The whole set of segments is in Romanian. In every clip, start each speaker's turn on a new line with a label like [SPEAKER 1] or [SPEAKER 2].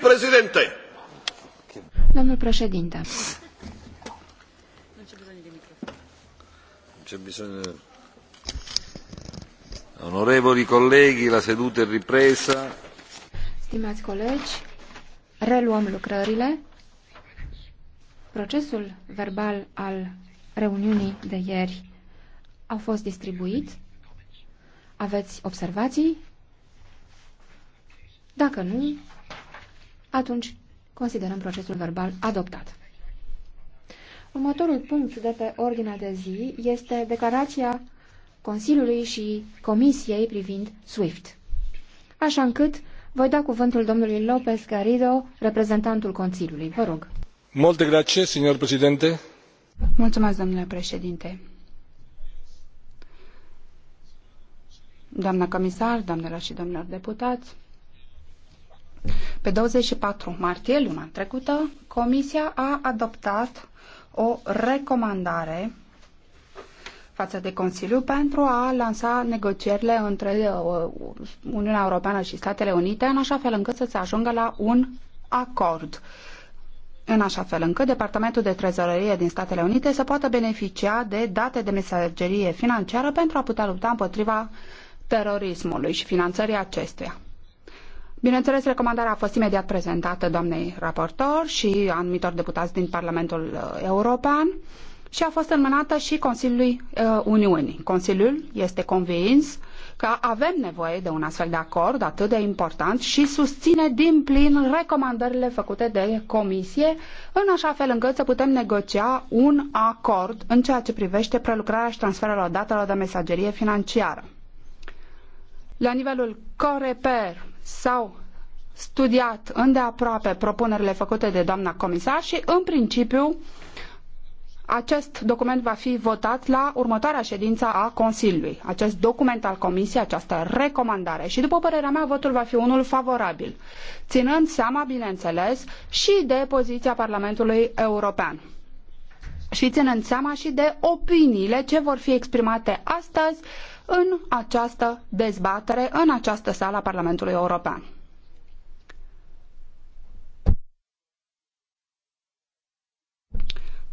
[SPEAKER 1] președinte.
[SPEAKER 2] Domnul președinte.
[SPEAKER 3] Onorevoli colleghi, la seduta è ripresa.
[SPEAKER 2] Stimați colegi, reluăm lucrările. Procesul verbal al reuniunii de ieri a fost distribuit. Aveți observații? Dacă nu, atunci considerăm procesul verbal adoptat. Următorul punct de pe ordinea de zi este declarația Consiliului și Comisiei privind SWIFT. Așa încât voi da cuvântul domnului López Garrido, reprezentantul Consiliului. Vă rog.
[SPEAKER 1] Multe grație, signor președinte.
[SPEAKER 4] Mulțumesc, domnule președinte. Doamna comisar, doamnelor și domnilor deputați, pe 24 martie, luna trecută, Comisia a adoptat o recomandare față de Consiliu pentru a lansa negocierile între uh, Uniunea Europeană și Statele Unite în așa fel încât să se ajungă la un acord în așa fel încât Departamentul de Trezorerie din Statele Unite să poată beneficia de date de mesagerie financiară pentru a putea lupta împotriva terorismului și finanțării acestuia. Bineînțeles, recomandarea a fost imediat prezentată doamnei raportor și anumitor deputați din Parlamentul uh, European și a fost înmânată și Consiliului uh, Uniunii. Consiliul este convins că avem nevoie de un astfel de acord atât de important și susține din plin recomandările făcute de Comisie, în așa fel încât să putem negocia un acord în ceea ce privește prelucrarea și transferul datelor de mesagerie financiară. La nivelul Coreper, s-au studiat îndeaproape propunerile făcute de doamna comisar și, în principiu, acest document va fi votat la următoarea ședință a Consiliului. Acest document al Comisiei, această recomandare. Și după părerea mea, votul va fi unul favorabil, ținând seama, bineînțeles, și de poziția Parlamentului European. Și ținând seama și de opiniile ce vor fi exprimate astăzi în această dezbatere, în această sală a Parlamentului European.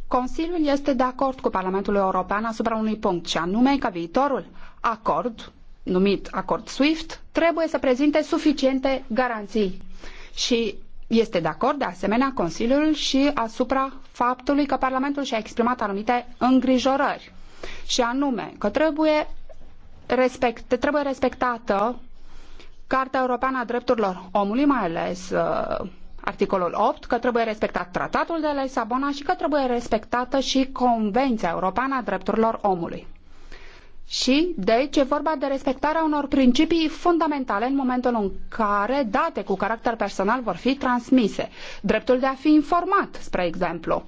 [SPEAKER 4] Consiliul este de acord cu Parlamentul European asupra unui punct, și anume că viitorul acord, numit acord SWIFT, trebuie să prezinte suficiente garanții. Și este de acord, de asemenea, Consiliul și asupra faptului că Parlamentul și-a exprimat anumite îngrijorări. Și anume că trebuie respect, trebuie respectată Carta Europeană a Drepturilor Omului, mai ales uh, articolul 8, că trebuie respectat tratatul de la Lisabona și că trebuie respectată și Convenția Europeană a Drepturilor Omului. Și, deci, e vorba de respectarea unor principii fundamentale în momentul în care date cu caracter personal vor fi transmise. Dreptul de a fi informat, spre exemplu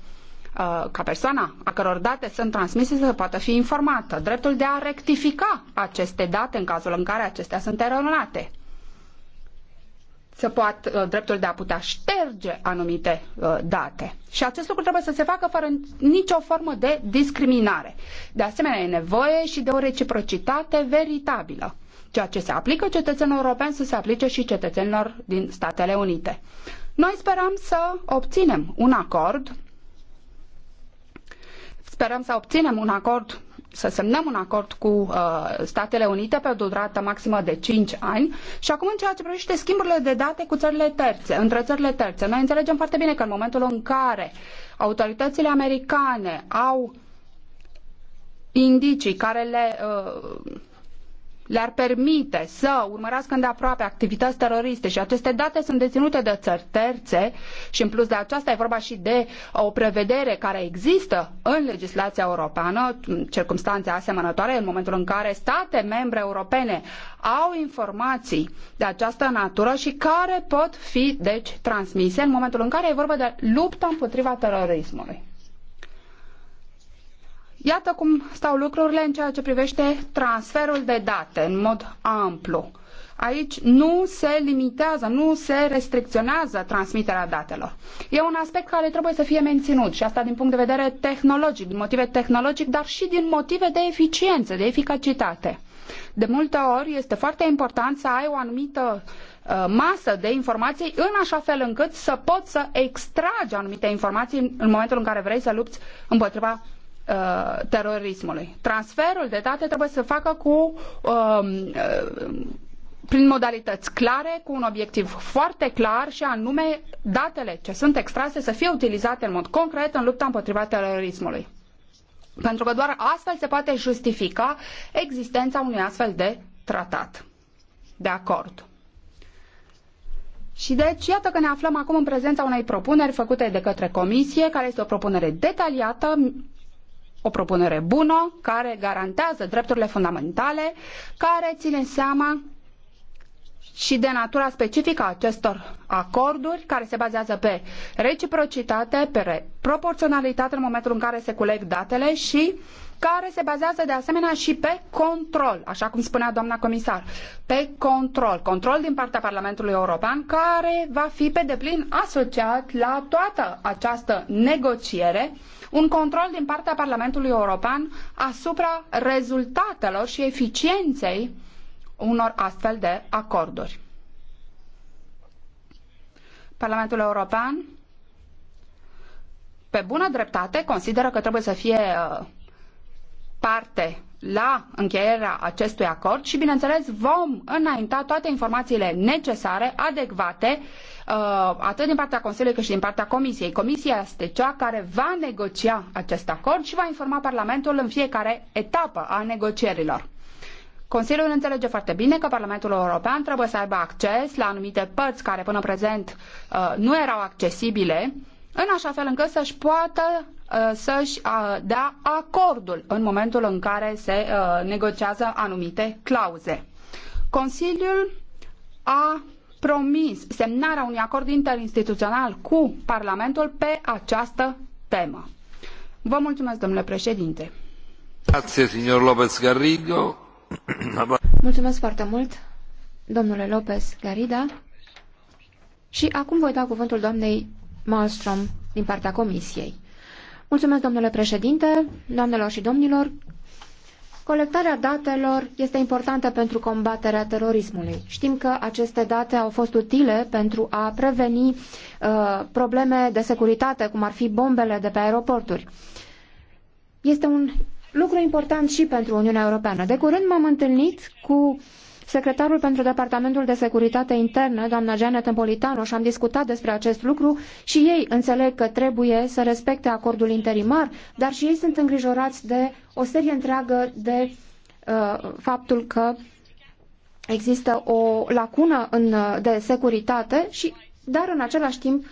[SPEAKER 4] Uh, ca persoana a căror date sunt transmise să poată fi informată, dreptul de a rectifica aceste date în cazul în care acestea sunt eronate, să poată, uh, dreptul de a putea șterge anumite uh, date. Și acest lucru trebuie să se facă fără nicio formă de discriminare. De asemenea, e nevoie și de o reciprocitate veritabilă. Ceea ce se aplică cetățenilor europeni să se aplice și cetățenilor din Statele Unite. Noi sperăm să obținem un acord Sperăm să obținem un acord să semnăm un acord cu uh, Statele Unite pe o durată maximă de 5 ani și acum în ceea ce privește schimburile de date cu țările terțe, între țările terțe. Noi înțelegem foarte bine că în momentul în care autoritățile americane au indicii care le uh, le-ar permite să urmărească îndeaproape activități teroriste și aceste date sunt deținute de țări terțe și în plus de aceasta e vorba și de o prevedere care există în legislația europeană, circunstanțe asemănătoare în momentul în care state membre europene au informații de această natură și care pot fi deci transmise în momentul în care e vorba de lupta împotriva terorismului. Iată cum stau lucrurile în ceea ce privește transferul de date în mod amplu. Aici nu se limitează, nu se restricționează transmiterea datelor. E un aspect care trebuie să fie menținut și asta din punct de vedere tehnologic, din motive tehnologic, dar și din motive de eficiență, de eficacitate. De multe ori este foarte important să ai o anumită uh, masă de informații în așa fel încât să poți să extragi anumite informații în momentul în care vrei să lupți împotriva Uh, terorismului. Transferul de date trebuie să facă cu uh, uh, prin modalități clare, cu un obiectiv foarte clar și anume datele ce sunt extrase să fie utilizate în mod concret în lupta împotriva terorismului. Pentru că doar astfel se poate justifica existența unui astfel de tratat, de acord. Și deci, iată că ne aflăm acum în prezența unei propuneri făcute de către Comisie, care este o propunere detaliată, o propunere bună care garantează drepturile fundamentale, care ține seama și de natura specifică a acestor acorduri, care se bazează pe reciprocitate, pe proporționalitate în momentul în care se culeg datele și care se bazează de asemenea și pe control, așa cum spunea doamna comisar, pe control, control din partea Parlamentului European, care va fi pe deplin asociat la toată această negociere, un control din partea Parlamentului European asupra rezultatelor și eficienței unor astfel de acorduri. Parlamentul European, pe bună dreptate, consideră că trebuie să fie uh, parte la încheierea acestui acord și, bineînțeles, vom înainta toate informațiile necesare, adecvate, uh, atât din partea Consiliului cât și din partea Comisiei. Comisia este cea care va negocia acest acord și va informa Parlamentul în fiecare etapă a negocierilor. Consiliul înțelege foarte bine că Parlamentul European trebuie să aibă acces la anumite părți care până prezent uh, nu erau accesibile, în așa fel încât să-și poată Uh, să-și uh, dea acordul în momentul în care se uh, negociază anumite clauze. Consiliul a promis semnarea unui acord interinstituțional cu Parlamentul pe această temă. Vă mulțumesc, domnule președinte.
[SPEAKER 3] Grazie, signor Lopez
[SPEAKER 4] Mulțumesc
[SPEAKER 2] foarte mult, domnule Lopez Garrido. Și acum voi da cuvântul doamnei Malmström din partea Comisiei. Mulțumesc, domnule președinte, doamnelor și domnilor. Colectarea datelor este importantă pentru combaterea terorismului. Știm că aceste date au fost utile pentru a preveni uh, probleme de securitate, cum ar fi bombele de pe aeroporturi. Este un lucru important și pentru Uniunea Europeană. De curând m-am întâlnit cu uh, Secretarul pentru Departamentul de Securitate Internă, doamna Janet Tempolitano, și-am discutat despre acest lucru și ei înțeleg că trebuie să respecte acordul interimar, dar și ei sunt îngrijorați de o serie întreagă de uh, faptul că există o lacună în, uh, de securitate, și, dar în același timp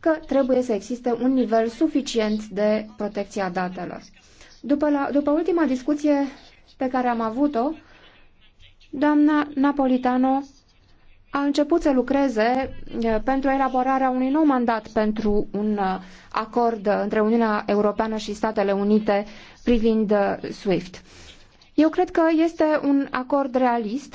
[SPEAKER 2] că trebuie să existe un nivel suficient de protecție a datelor. După, la, după ultima discuție pe care am avut-o, Doamna Napolitano a început să lucreze eh, pentru elaborarea unui nou mandat pentru un eh, acord între Uniunea Europeană și Statele Unite privind eh, SWIFT. Eu cred că este un acord realist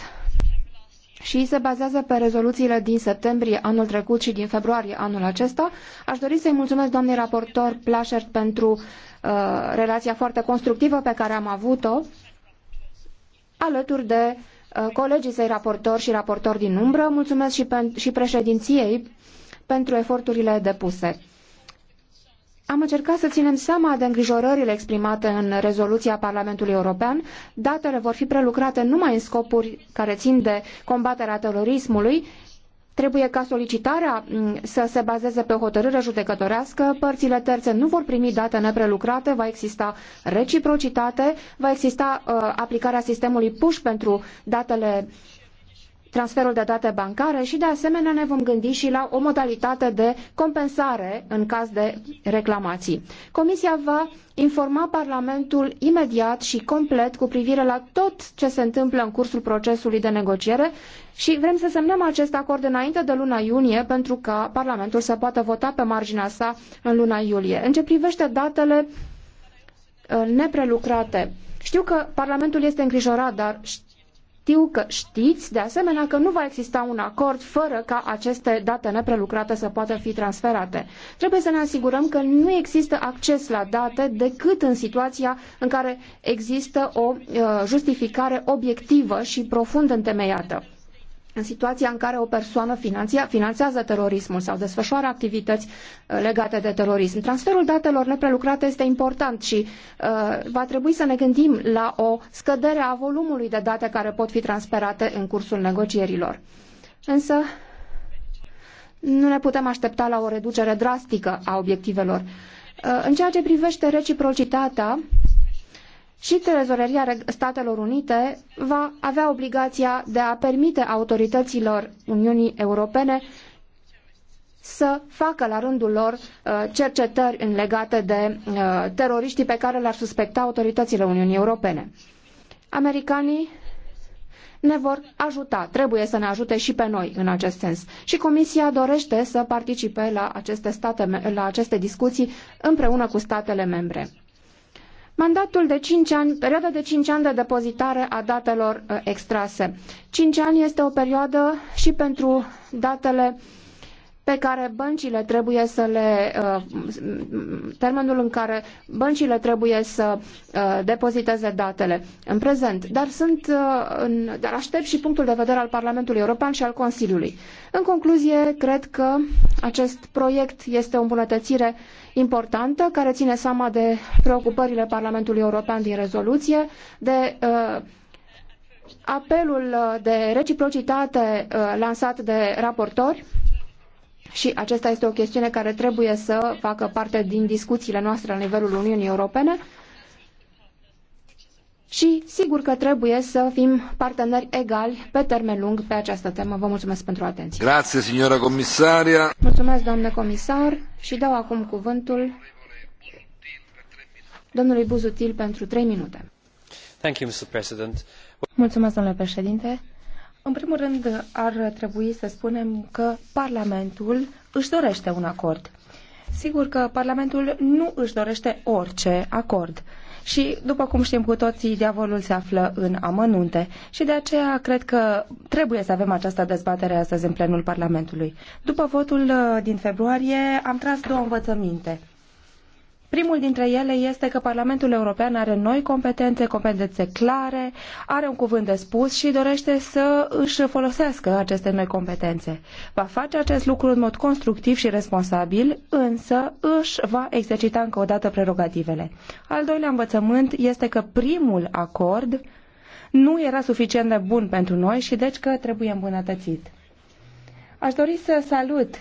[SPEAKER 2] și se bazează pe rezoluțiile din septembrie anul trecut și din februarie anul acesta. Aș dori să-i mulțumesc doamnei raportor Plașert pentru uh, relația foarte constructivă pe care am avut-o alături de Uh, colegii săi raportori și raportori din umbră, mulțumesc și, pe, și președinției pentru eforturile depuse. Am încercat să ținem seama de îngrijorările exprimate în rezoluția Parlamentului European. Datele vor fi prelucrate numai în scopuri care țin de combaterea terorismului Trebuie ca solicitarea să se bazeze pe o hotărâre judecătorească, părțile terțe nu vor primi date neprelucrate, va exista reciprocitate, va exista uh, aplicarea sistemului PUSH pentru datele transferul de date bancare și de asemenea ne vom gândi și la o modalitate de compensare în caz de reclamații. Comisia va informa Parlamentul imediat și complet cu privire la tot ce se întâmplă în cursul procesului de negociere și vrem să semnăm acest acord înainte de luna iunie pentru ca Parlamentul să poată vota pe marginea sa în luna iulie. În ce privește datele uh, neprelucrate, știu că Parlamentul este îngrijorat, dar știu că știți, de asemenea, că nu va exista un acord fără ca aceste date neprelucrate să poată fi transferate. Trebuie să ne asigurăm că nu există acces la date decât în situația în care există o uh, justificare obiectivă și profund întemeiată în situația în care o persoană finanția, finanțează terorismul sau desfășoară activități uh, legate de terorism. Transferul datelor neprelucrate este important și uh, va trebui să ne gândim la o scădere a volumului de date care pot fi transferate în cursul negocierilor. Însă, nu ne putem aștepta la o reducere drastică a obiectivelor. Uh, în ceea ce privește reciprocitatea, și Trezoreria Statelor Unite va avea obligația de a permite autorităților Uniunii Europene să facă la rândul lor uh, cercetări legate de uh, teroriștii pe care le-ar suspecta autoritățile Uniunii Europene. Americanii ne vor ajuta, trebuie să ne ajute și pe noi în acest sens. Și Comisia dorește să participe la aceste, state, la aceste discuții împreună cu statele membre. Mandatul de 5 ani, perioada de 5 ani de depozitare a datelor uh, extrase. 5 ani este o perioadă și pentru datele pe care băncile trebuie să le uh, termenul în care băncile trebuie să uh, depoziteze datele în prezent, dar sunt uh, dar aștept și punctul de vedere al Parlamentului European și al Consiliului. În concluzie, cred că acest proiect este o îmbunătățire importantă care ține seama de preocupările Parlamentului European din rezoluție, de
[SPEAKER 4] apelul
[SPEAKER 2] de reciprocitate lansat de raportori și aceasta este o chestiune care trebuie să facă parte din discuțiile noastre la nivelul Uniunii Europene. Și sigur că trebuie să fim parteneri egali pe termen lung pe această temă. Vă mulțumesc pentru atenție.
[SPEAKER 1] Grazie, signora comisaria.
[SPEAKER 2] Mulțumesc, doamne comisar, și dau acum cuvântul
[SPEAKER 5] domnului Buzutil pentru 3 minute.
[SPEAKER 3] Thank you, Mr. President.
[SPEAKER 5] Mulțumesc, domnule președinte. În primul rând, ar trebui să spunem că Parlamentul își dorește un acord. Sigur că Parlamentul nu își dorește orice acord. Și, după cum știm cu toții, diavolul se află în amănunte și de aceea cred că trebuie să avem această dezbatere astăzi în plenul Parlamentului. După votul uh, din februarie am tras două învățăminte. Primul dintre ele este că Parlamentul European are noi competențe, competențe clare, are un cuvânt de spus și dorește să își folosească aceste noi competențe. Va face acest lucru în mod constructiv și responsabil, însă își va exercita încă o dată prerogativele. Al doilea învățământ este că primul acord nu era suficient de bun pentru noi și deci că trebuie îmbunătățit. Aș dori să salut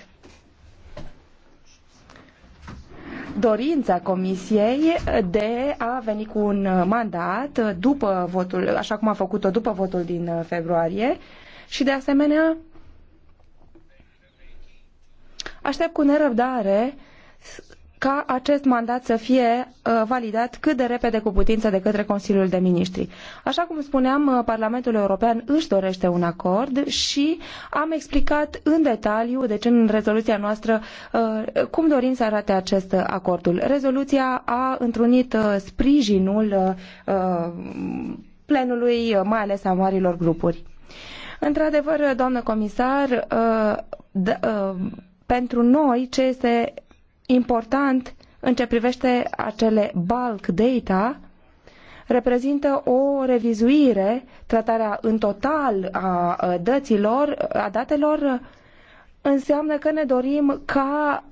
[SPEAKER 5] dorința Comisiei de a veni cu un mandat după votul, așa cum a făcut-o după votul din februarie și de asemenea aștept cu nerăbdare ca acest mandat să fie uh, validat cât de repede cu putință de către Consiliul de Ministri. Așa cum spuneam, uh, Parlamentul European își dorește un acord și am explicat în detaliu, deci în rezoluția noastră, uh, cum dorim să arate acest acordul. Rezoluția a întrunit sprijinul plenului, mai ales a marilor grupuri. Într-adevăr, doamnă comisar, pentru noi ce este important în ce privește acele bulk data reprezintă o revizuire, tratarea în total a dăților, a datelor, înseamnă că ne dorim ca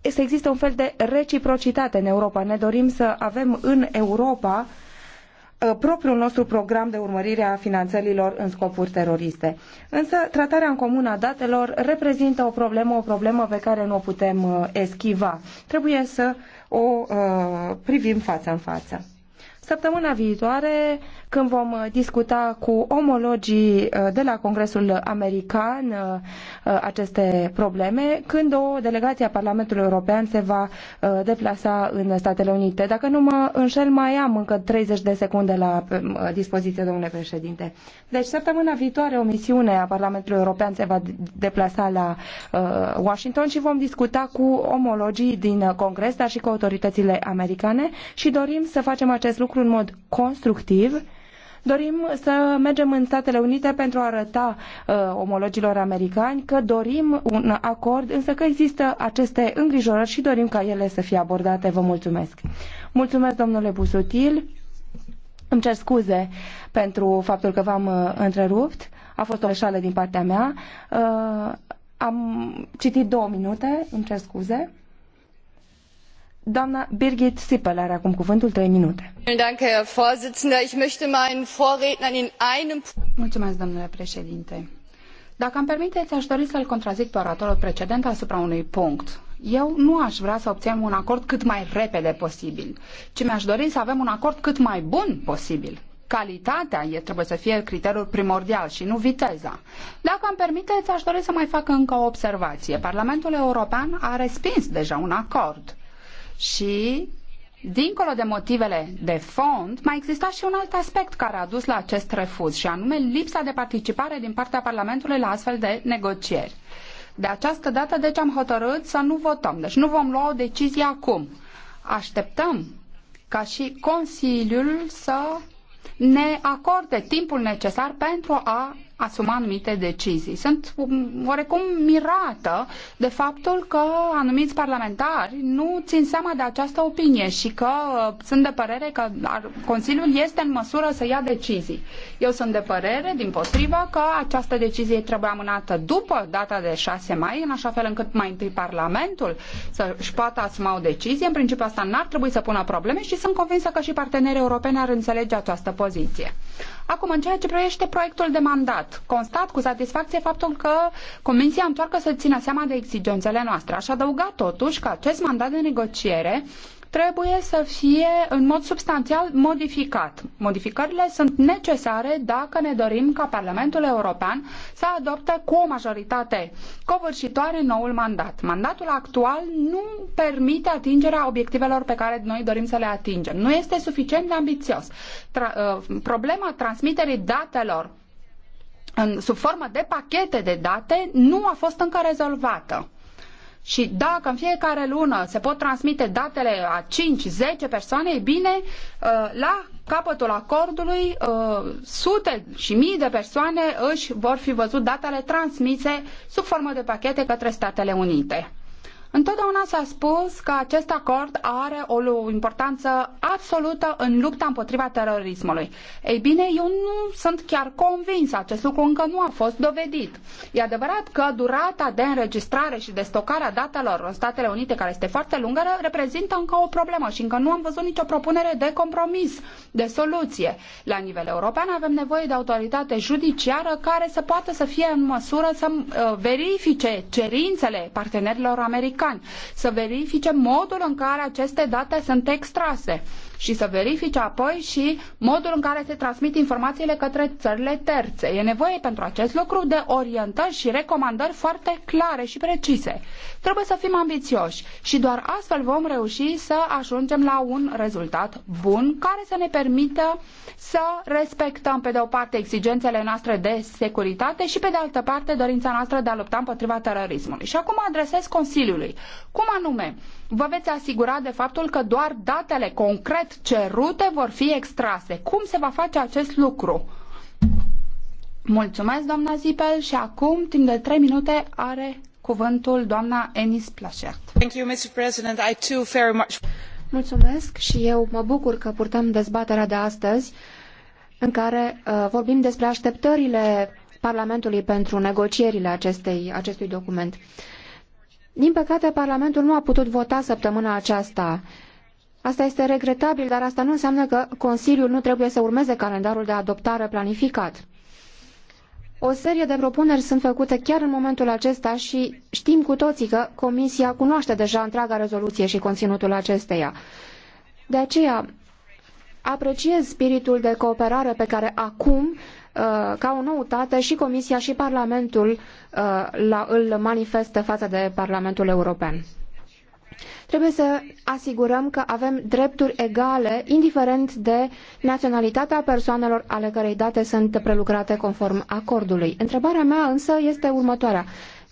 [SPEAKER 5] să existe un fel de reciprocitate în Europa. Ne dorim să avem în Europa Uh, propriul nostru program de urmărire a finanțărilor în scopuri teroriste. Însă, tratarea în comun a datelor reprezintă o problemă, o problemă pe care nu o putem uh, eschiva. Trebuie să o uh, privim față în față. Săptămâna viitoare, când vom uh, discuta cu omologii uh, de la Congresul American uh, aceste probleme, când o delegație a Parlamentului European se va deplasa în Statele Unite. Dacă nu mă înșel, mai am încă 30 de secunde la um, dispoziție, domnule președinte. Deci, săptămâna viitoare, o misiune a Parlamentului European se va deplasa la Washington și vom discuta cu omologii din Congres, dar și cu autoritățile americane și dorim să facem acest lucru lucru în mod constructiv. Dorim să mergem în Statele Unite pentru a arăta uh, omologilor americani că dorim un acord, însă că există aceste îngrijorări și dorim ca ele să fie abordate. Vă mulțumesc. Mulțumesc, domnule Busutil. Îmi cer scuze pentru faptul că v-am uh, întrerupt. A fost o greșeală din partea mea. Uh, am citit două minute, îmi cer scuze. Doamna Birgit Sipel are acum cuvântul 3 minute.
[SPEAKER 4] Mulțumesc, domnule președinte. Dacă îmi permiteți, aș dori să-l contrazic pe oratorul precedent asupra unui punct. Eu nu aș vrea să obținem un acord cât mai repede posibil, ci mi-aș dori să avem un acord cât mai bun posibil. Calitatea e, trebuie să fie criteriul primordial și nu viteza. Dacă îmi permiteți, aș dori să mai fac încă o observație. Parlamentul European a respins deja un acord și, dincolo de motivele de fond, mai exista și un alt aspect care a dus la acest refuz, și anume lipsa de participare din partea Parlamentului la astfel de negocieri. De această dată, deci, am hotărât să nu votăm. Deci nu vom lua o decizie acum. Așteptăm ca și Consiliul să ne acorde timpul necesar pentru a asuma anumite decizii. Sunt oarecum mirată de faptul că anumiți parlamentari nu țin seama de această opinie și că uh, sunt de părere că Consiliul este în măsură să ia decizii. Eu sunt de părere, din potrivă, că această decizie trebuie amânată după data de 6 mai, în așa fel încât mai întâi Parlamentul să-și poată asuma o decizie. În principiu asta n-ar trebui să pună probleme și sunt convinsă că și partenerii europeni ar înțelege această poziție. Acum, în ceea ce privește proiectul de mandat, constat cu satisfacție faptul că Comisia întoarcă să țină seama de exigențele noastre. Aș adăuga totuși că acest mandat de negociere trebuie să fie în mod substanțial modificat. Modificările sunt necesare dacă ne dorim ca Parlamentul European să adopte cu o majoritate covârșitoare noul mandat. Mandatul actual nu permite atingerea obiectivelor pe care noi dorim să le atingem. Nu este suficient de ambițios. Tra uh, problema transmiterii datelor în, sub formă de pachete de date nu a fost încă rezolvată. Și dacă în fiecare lună se pot transmite datele a 5-10 persoane, e bine, uh, la capătul acordului, uh, sute și mii de persoane își vor fi văzut datele transmise sub formă de pachete către Statele Unite. Întotdeauna s-a spus că acest acord are o importanță absolută în lupta împotriva terorismului. Ei bine, eu nu sunt chiar convins, acest lucru încă nu a fost dovedit. E adevărat că durata de înregistrare și de stocare a datelor în Statele Unite, care este foarte lungă, reprezintă încă o problemă și încă nu am văzut nicio propunere de compromis, de soluție. La nivel european avem nevoie de autoritate judiciară care să poată să fie în măsură să uh, verifice cerințele partenerilor americani americani, să verifice modul în care aceste date sunt extrase și să verifice apoi și modul în care se transmit informațiile către țările terțe. E nevoie pentru acest lucru de orientări și recomandări foarte clare și precise. Trebuie să fim ambițioși și doar astfel vom reuși să ajungem la un rezultat bun care să ne permită să respectăm pe de o parte exigențele noastre de securitate și pe de altă parte dorința noastră de a lupta împotriva terorismului. Și acum adresez Consiliului. Cum anume? Vă veți asigura de faptul că doar datele concret cerute vor fi extrase. Cum se va face acest lucru? Mulțumesc, doamna Zipel, și acum, timp de 3 minute, are cuvântul doamna Enis Plașert. Thank you, Mr. President. I too very much...
[SPEAKER 2] Mulțumesc și eu mă bucur că purtăm dezbaterea de astăzi în care uh, vorbim despre așteptările Parlamentului pentru negocierile acestei, acestui document. Din păcate, Parlamentul nu a putut vota săptămâna aceasta. Asta este regretabil, dar asta nu înseamnă că Consiliul nu trebuie să urmeze calendarul de adoptare planificat. O serie de propuneri sunt făcute chiar în momentul acesta și știm cu toții că Comisia cunoaște deja întreaga rezoluție și conținutul acesteia. De aceea, apreciez spiritul de cooperare pe care acum, uh, ca o noutate, și Comisia și Parlamentul uh, îl manifestă față de Parlamentul European. Trebuie să asigurăm că avem drepturi egale, indiferent de naționalitatea persoanelor ale cărei date sunt prelucrate conform acordului. Întrebarea mea însă este următoarea.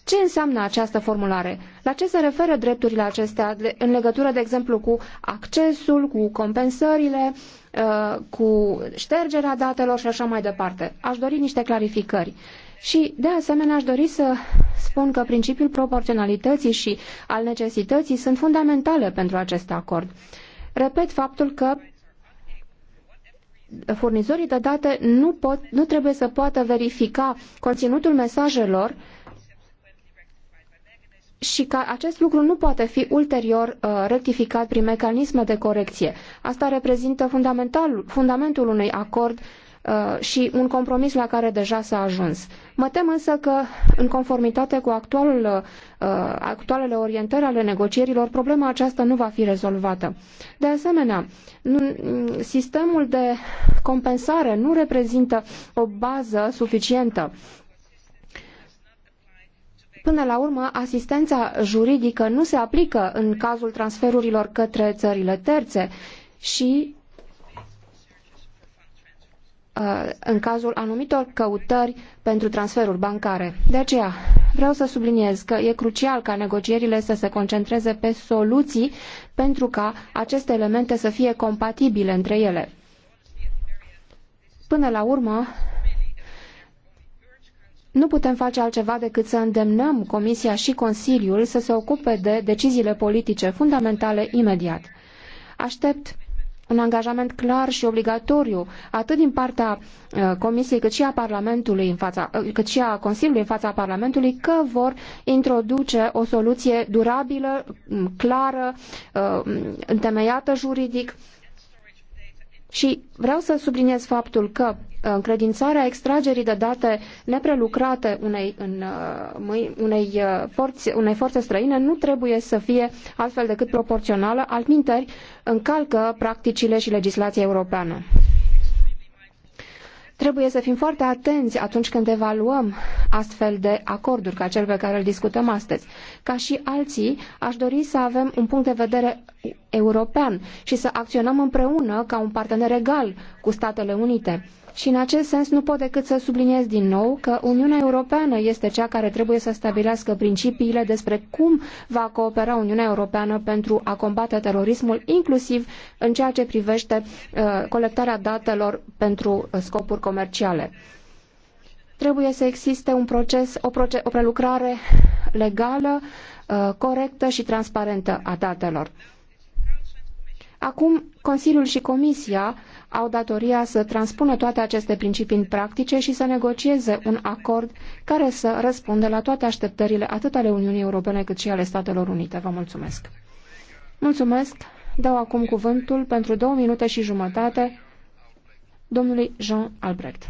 [SPEAKER 2] Ce înseamnă această formulare? La ce se referă drepturile acestea în legătură, de exemplu, cu accesul, cu compensările, uh, cu ștergerea datelor și așa mai departe? Aș dori niște clarificări. Și, de asemenea, aș dori să spun că principiul proporționalității și al necesității sunt fundamentale pentru acest acord. Repet faptul că furnizorii de date nu, pot, nu trebuie să poată verifica conținutul mesajelor și că acest lucru nu poate fi ulterior uh, rectificat prin mecanisme de corecție. Asta reprezintă fundamentul unui acord uh, Uh, și un compromis la care deja s-a ajuns. Mă tem însă că, în conformitate cu actualul, uh, actualele orientări ale negocierilor, problema aceasta nu va fi rezolvată. De asemenea, sistemul de compensare nu reprezintă o bază suficientă Până la urmă, asistența juridică nu se aplică în cazul transferurilor către țările terțe și Uh, în cazul anumitor căutări pentru transferuri bancare. De aceea, vreau să subliniez că e crucial ca negocierile să se concentreze pe soluții pentru ca aceste elemente să fie compatibile între ele. Până la urmă, nu putem face altceva decât să îndemnăm Comisia și Consiliul să se ocupe de deciziile politice fundamentale imediat. Aștept un angajament clar și obligatoriu, atât din partea uh, Comisiei, cât și a Parlamentului în fața, uh, cât și a Consiliului în fața Parlamentului, că vor introduce o soluție durabilă, mm, clară, uh, mm, întemeiată juridic și vreau să subliniez faptul că uh, încredințarea extragerii de date neprelucrate unei, în, uh, unei, uh, forțe, unei forțe străine nu trebuie să fie altfel decât proporțională, altminteri încalcă practicile și legislația europeană. Trebuie să fim foarte atenți atunci când evaluăm astfel de acorduri ca cel pe care îl discutăm astăzi. Ca și alții, aș dori să avem un punct de vedere european și să acționăm împreună ca un partener egal cu Statele Unite. Și în acest sens nu pot decât să subliniez din nou că Uniunea Europeană este cea care trebuie să stabilească principiile despre cum va coopera Uniunea Europeană pentru a combate terorismul, inclusiv în ceea ce privește uh, colectarea datelor pentru uh, scopuri comerciale. Trebuie să existe un proces, o, o prelucrare legală, uh, corectă și transparentă a datelor. Acum, Consiliul și Comisia au datoria să transpună toate aceste principii în practice și să negocieze un acord care să răspundă la toate așteptările atât ale Uniunii Europene cât și ale Statelor Unite. Vă mulțumesc! Mulțumesc! Dau acum cuvântul pentru două minute
[SPEAKER 5] și jumătate domnului Jean Albrecht.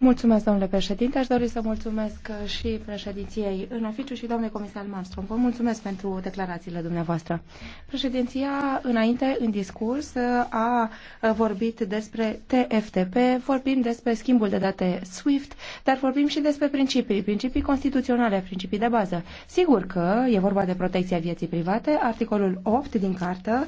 [SPEAKER 5] Mulțumesc, domnule președinte. Aș dori să mulțumesc uh, și președinției în oficiu și doamnei comisar Malmström. Vă mulțumesc pentru declarațiile dumneavoastră. Președinția, înainte, în discurs, uh, a uh, vorbit despre TFTP, vorbim despre schimbul de date SWIFT, dar vorbim și despre principii, principii constituționale, principii de bază. Sigur că e vorba de protecția vieții private, articolul 8 din cartă,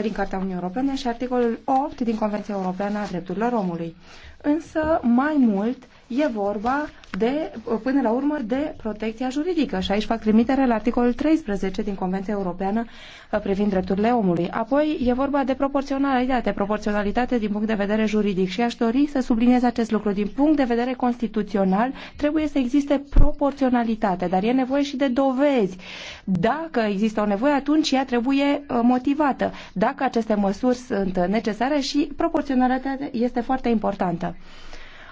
[SPEAKER 5] din Cartea Uniunii Europene și articolul 8 din Convenția Europeană a Drepturilor Omului. Însă, mai mult, e vorba de, până la urmă, de protecția juridică și aici fac trimitere la articolul 13 din Convenția Europeană uh, privind drepturile omului. Apoi e vorba de proporționalitate, proporționalitate din punct de vedere juridic și aș dori să subliniez acest lucru. Din punct de vedere constituțional trebuie să existe proporționalitate, dar e nevoie și de dovezi. Dacă există o nevoie, atunci ea trebuie uh, motivată. Dacă aceste măsuri sunt necesare și proporționalitatea este foarte importantă.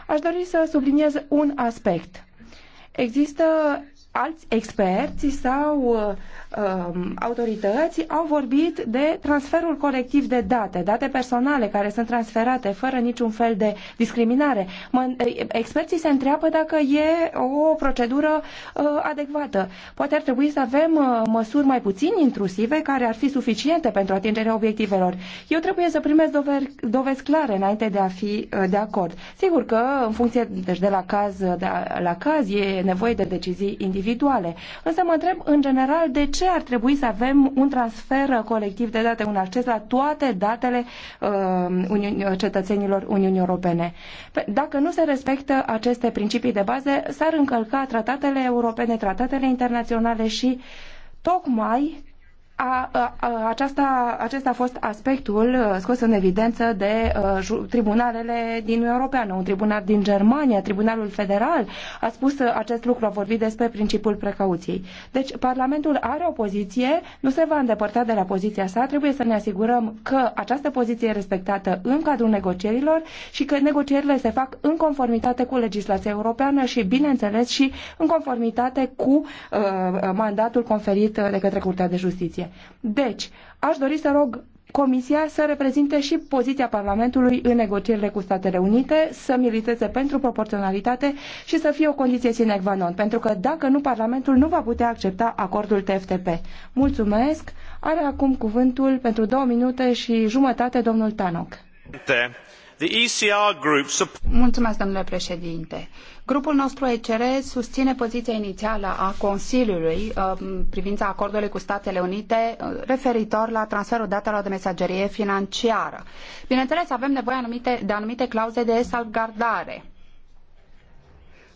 [SPEAKER 5] Aș dori să subliniez un aspect. Există alți experți sau um, autorități au vorbit de transferul colectiv de date, date personale care sunt transferate fără niciun fel de discriminare. Mă, experții se întreabă dacă e o procedură uh, adecvată. Poate ar trebui să avem uh, măsuri mai puțin intrusive care ar fi suficiente pentru atingerea obiectivelor. Eu trebuie să primesc dovezi clare înainte de a fi uh, de acord. Sigur că în funcție deci de la caz de la caz e nevoie de decizii individuale individuale. Însă mă întreb în general de ce ar trebui să avem un transfer colectiv de date, un acces la toate datele uh, cetățenilor Uniunii Europene. Dacă nu se respectă aceste principii de bază, s-ar încălca tratatele europene, tratatele internaționale și tocmai a, a, a, aceasta, acesta a fost aspectul uh, scos în evidență de uh, tribunalele din Europeană. Un tribunal din Germania, Tribunalul Federal, a spus uh, acest lucru, a vorbit despre principiul precauției. Deci Parlamentul are o poziție, nu se va îndepărta de la poziția sa, trebuie să ne asigurăm că această poziție e respectată în cadrul negocierilor și că negocierile se fac în conformitate cu legislația europeană și, bineînțeles, și în conformitate cu uh, uh mandatul conferit de către Curtea de Justiție. Deci, aș dori să rog Comisia să reprezinte și poziția Parlamentului în negocierile cu Statele Unite, să militeze pentru proporționalitate și să fie o condiție sine qua non, pentru că dacă nu, Parlamentul nu va putea accepta acordul TFTP. Mulțumesc! Are acum cuvântul pentru două minute și jumătate domnul Tanoc.
[SPEAKER 4] Mulțumesc, domnule președinte. Grupul nostru ECR susține poziția inițială a Consiliului uh, în privința acordului cu Statele Unite uh, referitor la transferul datelor de mesagerie financiară. Bineînțeles, avem nevoie anumite, de anumite clauze de salvgardare.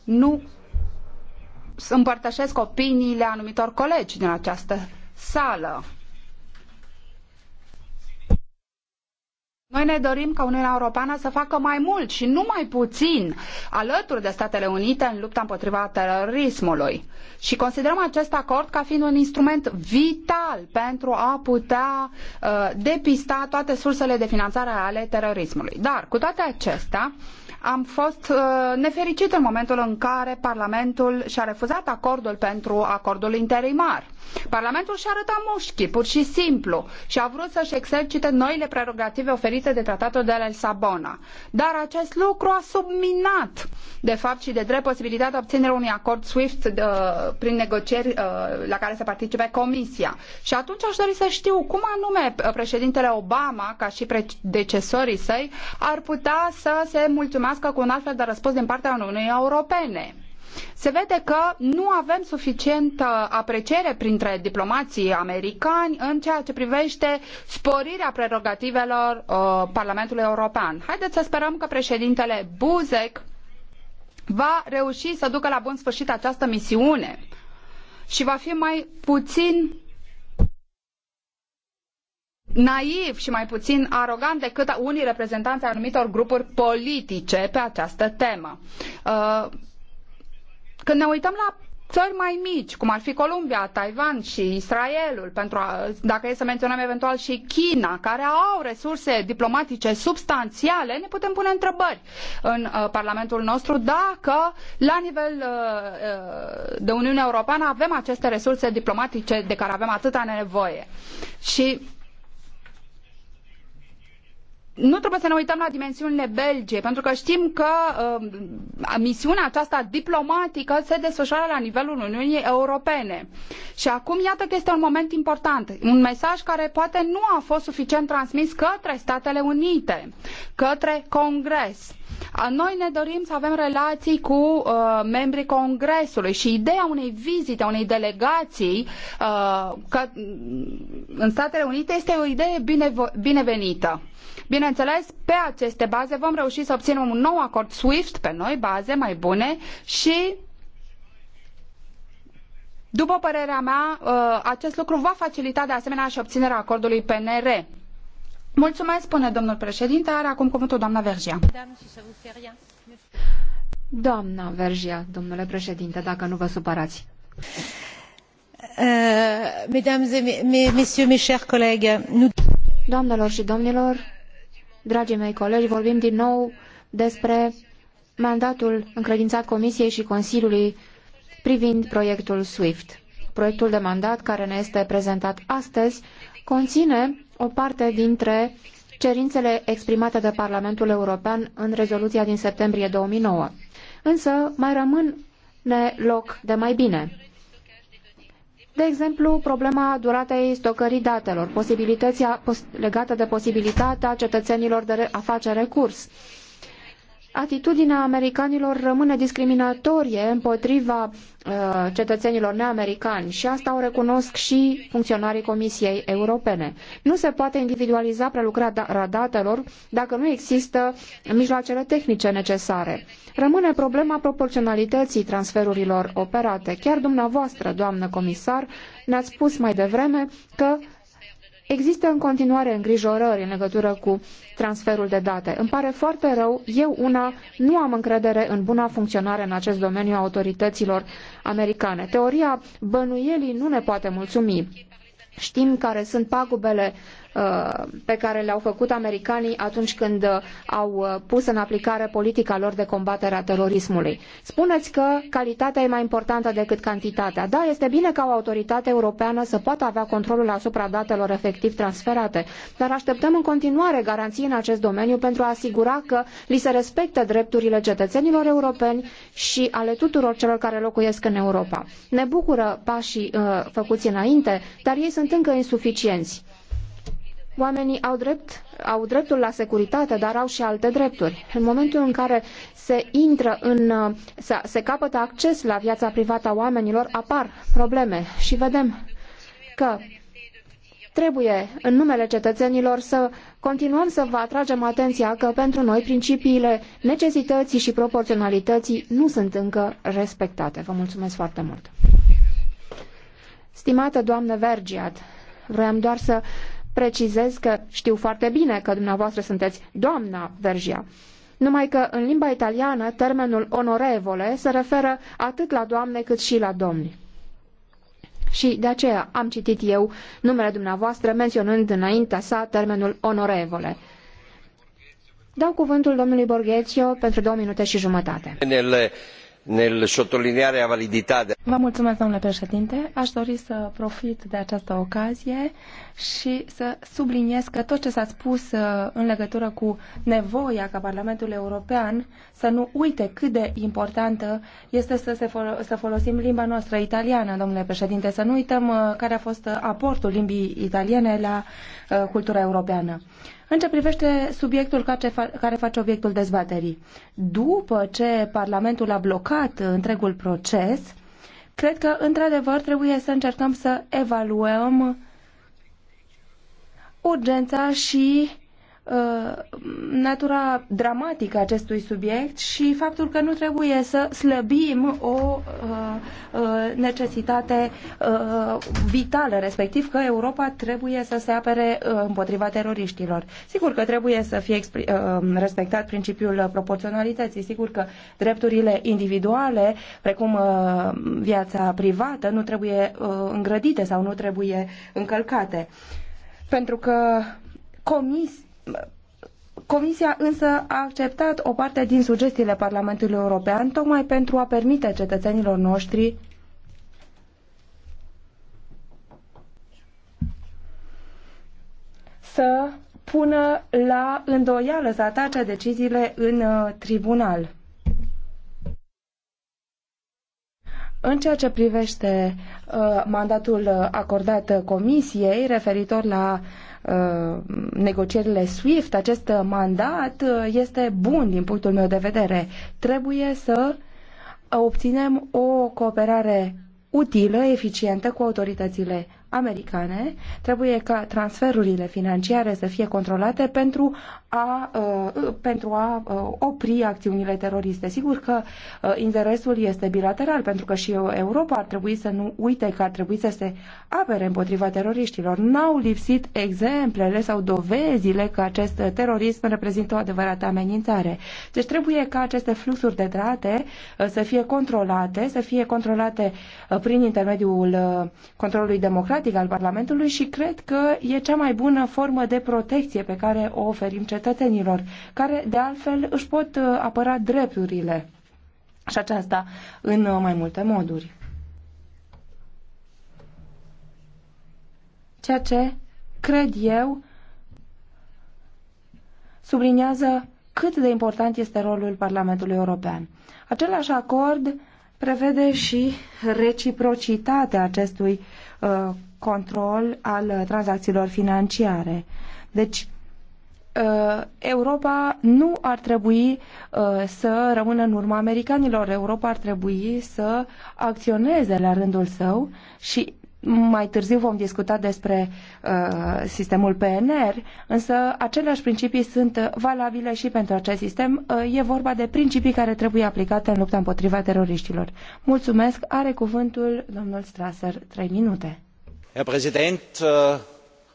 [SPEAKER 4] Nu împărtășesc opiniile anumitor colegi din această sală. Noi ne dorim ca Uniunea Europeană să facă mai mult și nu mai puțin alături de Statele Unite în lupta împotriva terorismului. Și considerăm acest acord ca fiind un instrument vital pentru a putea uh, depista toate sursele de finanțare ale terorismului. Dar, cu toate acestea, am fost uh, nefericit în momentul în care Parlamentul și-a refuzat acordul pentru acordul interimar. Parlamentul și-a arătat mușchii, pur și simplu, și a vrut să-și exercite noile prerogative oferite de tratatul de la Lisabona. Dar acest lucru a subminat, de fapt, și de drept posibilitatea obținerii unui acord SWIFT uh, prin negocieri uh, la care să participe Comisia. Și atunci aș dori să știu cum anume uh, președintele Obama, ca și predecesorii săi, ar putea să se mulțumească cu un astfel de răspuns din partea Uniunii Europene se vede că nu avem suficientă apreciere printre diplomații americani în ceea ce privește sporirea prerogativelor uh, Parlamentului European. Haideți să sperăm că președintele Buzek va reuși să ducă la bun sfârșit această misiune și va fi mai puțin naiv și mai puțin arogant decât unii reprezentanți ai anumitor grupuri politice pe această temă. Uh, când ne uităm la țări mai mici, cum ar fi Columbia, Taiwan și Israelul, pentru a, dacă e să menționăm eventual și China, care au resurse diplomatice substanțiale, ne putem pune întrebări în uh, Parlamentul nostru dacă la nivel uh, uh de Uniunea Europeană avem aceste resurse diplomatice de care avem atâta nevoie. Și nu trebuie să ne uităm la dimensiunile Belgiei, pentru că știm că uh, misiunea aceasta diplomatică se desfășoară la nivelul Uniunii Europene. Și acum iată că este un moment important, un mesaj care poate nu a fost suficient transmis către Statele Unite, către Congres. Noi ne dorim să avem relații cu uh, membrii Congresului și ideea unei vizite, unei delegații uh, că, mm, în Statele Unite este o idee binevo- binevenită. Bineînțeles, pe aceste baze vom reuși să obținem un nou acord SWIFT pe noi baze mai bune și după părerea mea, uh, acest lucru va facilita de asemenea și obținerea acordului PNR. Mulțumesc, spune domnul președinte. Are acum cuvântul doamna Vergia. Doamna Vergia, domnule președinte, dacă nu vă supărați.
[SPEAKER 2] Doamnelor și domnilor, dragii mei colegi, vorbim din nou despre mandatul încredințat Comisiei și Consiliului privind proiectul SWIFT. Proiectul de mandat care ne este prezentat astăzi conține o parte dintre cerințele exprimate de Parlamentul European în rezoluția din septembrie 2009. Însă mai rămân ne loc de mai bine. De exemplu, problema duratei stocării datelor, posibilităția legată de posibilitatea cetățenilor de a face recurs, atitudinea americanilor rămâne discriminatorie împotriva uh, cetățenilor neamericani și asta o recunosc și funcționarii Comisiei Europene. Nu se poate individualiza prelucrarea da, datelor dacă nu există mijloacele tehnice necesare. Rămâne problema proporționalității transferurilor operate. Chiar dumneavoastră, doamnă comisar, ne-ați spus mai devreme că Există în continuare îngrijorări în legătură cu transferul de date. Îmi pare foarte rău, eu una nu am încredere în buna funcționare în acest domeniu a autorităților americane. Teoria bănuielii nu ne poate mulțumi. Știm care sunt pagubele Uh, pe care le-au făcut americanii atunci când uh, au uh, pus în aplicare politica lor de combatere a terorismului. Spuneți că calitatea e mai importantă decât cantitatea. Da, este bine ca o autoritate europeană să poată avea controlul asupra datelor efectiv transferate, dar așteptăm în continuare garanții în acest domeniu pentru a asigura că li se respectă drepturile cetățenilor europeni și ale tuturor celor care locuiesc în Europa. Ne bucură pașii uh, făcuți înainte, dar ei sunt încă insuficienți. Oamenii au, drept, au dreptul la securitate, dar au și alte drepturi. În momentul în care se intră în, se, se capătă acces la viața privată a oamenilor, apar probleme și vedem că trebuie, în numele cetățenilor, să continuăm să vă atragem atenția că pentru noi principiile necesității și proporționalității nu sunt încă respectate. Vă mulțumesc foarte mult. Stimată doamnă Vergiat, vroiam doar să precizez că știu foarte bine că dumneavoastră sunteți doamna Vergia. Numai că în limba italiană termenul onorevole se referă atât la doamne cât și la domni. Și de aceea am citit eu numele dumneavoastră menționând înaintea sa termenul onorevole. Dau cuvântul domnului Borghețio pentru două
[SPEAKER 5] minute și jumătate
[SPEAKER 3] nel sottolineare la validità.
[SPEAKER 5] Vă mulțumesc, domnule președinte. Aș dori să profit de această ocazie și să subliniez că tot ce s-a spus uh, în legătură cu nevoia ca Parlamentul European să nu uite cât de importantă este să, se fol- să folosim limba noastră italiană, domnule președinte, să nu uităm uh, care a fost aportul limbii italiene la uh, cultura europeană. În ce privește subiectul care face obiectul dezbaterii, după ce Parlamentul a blocat întregul proces, cred că, într-adevăr, trebuie să încercăm să evaluăm urgența și Uh, natura dramatică acestui subiect și faptul că nu trebuie să slăbim o uh, uh, necesitate vitală, respectiv că Europa trebuie să se apere împotriva teroriștilor. Sigur că trebuie să fie respectat principiul proporționalității, sigur că drepturile individuale, precum viața privată, nu trebuie îngrădite sau nu trebuie încălcate. Pentru că comis, Comisia însă a acceptat o parte din sugestiile Parlamentului European tocmai pentru a permite cetățenilor noștri să pună la îndoială, să atace deciziile în uh, tribunal. În ceea ce privește uh, mandatul acordat Comisiei referitor la uh, Uh, negocierile SWIFT, acest mandat uh, este bun din punctul meu de vedere. Trebuie să obținem o cooperare utilă, eficientă cu autoritățile americane, trebuie ca transferurile financiare să fie controlate pentru a, uh, pentru a uh, opri acțiunile teroriste. Sigur că uh, interesul este bilateral, pentru că și Europa ar trebui să nu uite că ar trebui să se apere împotriva teroriștilor. N-au lipsit exemplele sau dovezile că acest terorism reprezintă o adevărată amenințare. Deci trebuie ca aceste fluxuri de date să fie controlate, să fie controlate prin intermediul controlului democratic, democratic al Parlamentului și cred că e cea mai bună formă de protecție pe care o oferim cetățenilor, care de altfel își pot uh, apăra drepturile. Și aceasta în uh, mai multe moduri. Ceea ce, cred eu, subliniază cât de important este rolul Parlamentului European. Același acord prevede și reciprocitatea acestui uh, control al uh, tranzacțiilor financiare. Deci, uh, Europa nu ar trebui uh, să rămână în urma americanilor. Europa ar trebui să acționeze la rândul său și mai târziu vom discuta despre sistemul PNR, însă aceleași principii sunt valabile și pentru acest sistem. e vorba de principii care trebuie aplicate în lupta împotriva teroriștilor. Mulțumesc. Are cuvântul domnul Strasser. Trei minute
[SPEAKER 3] herr präsident äh,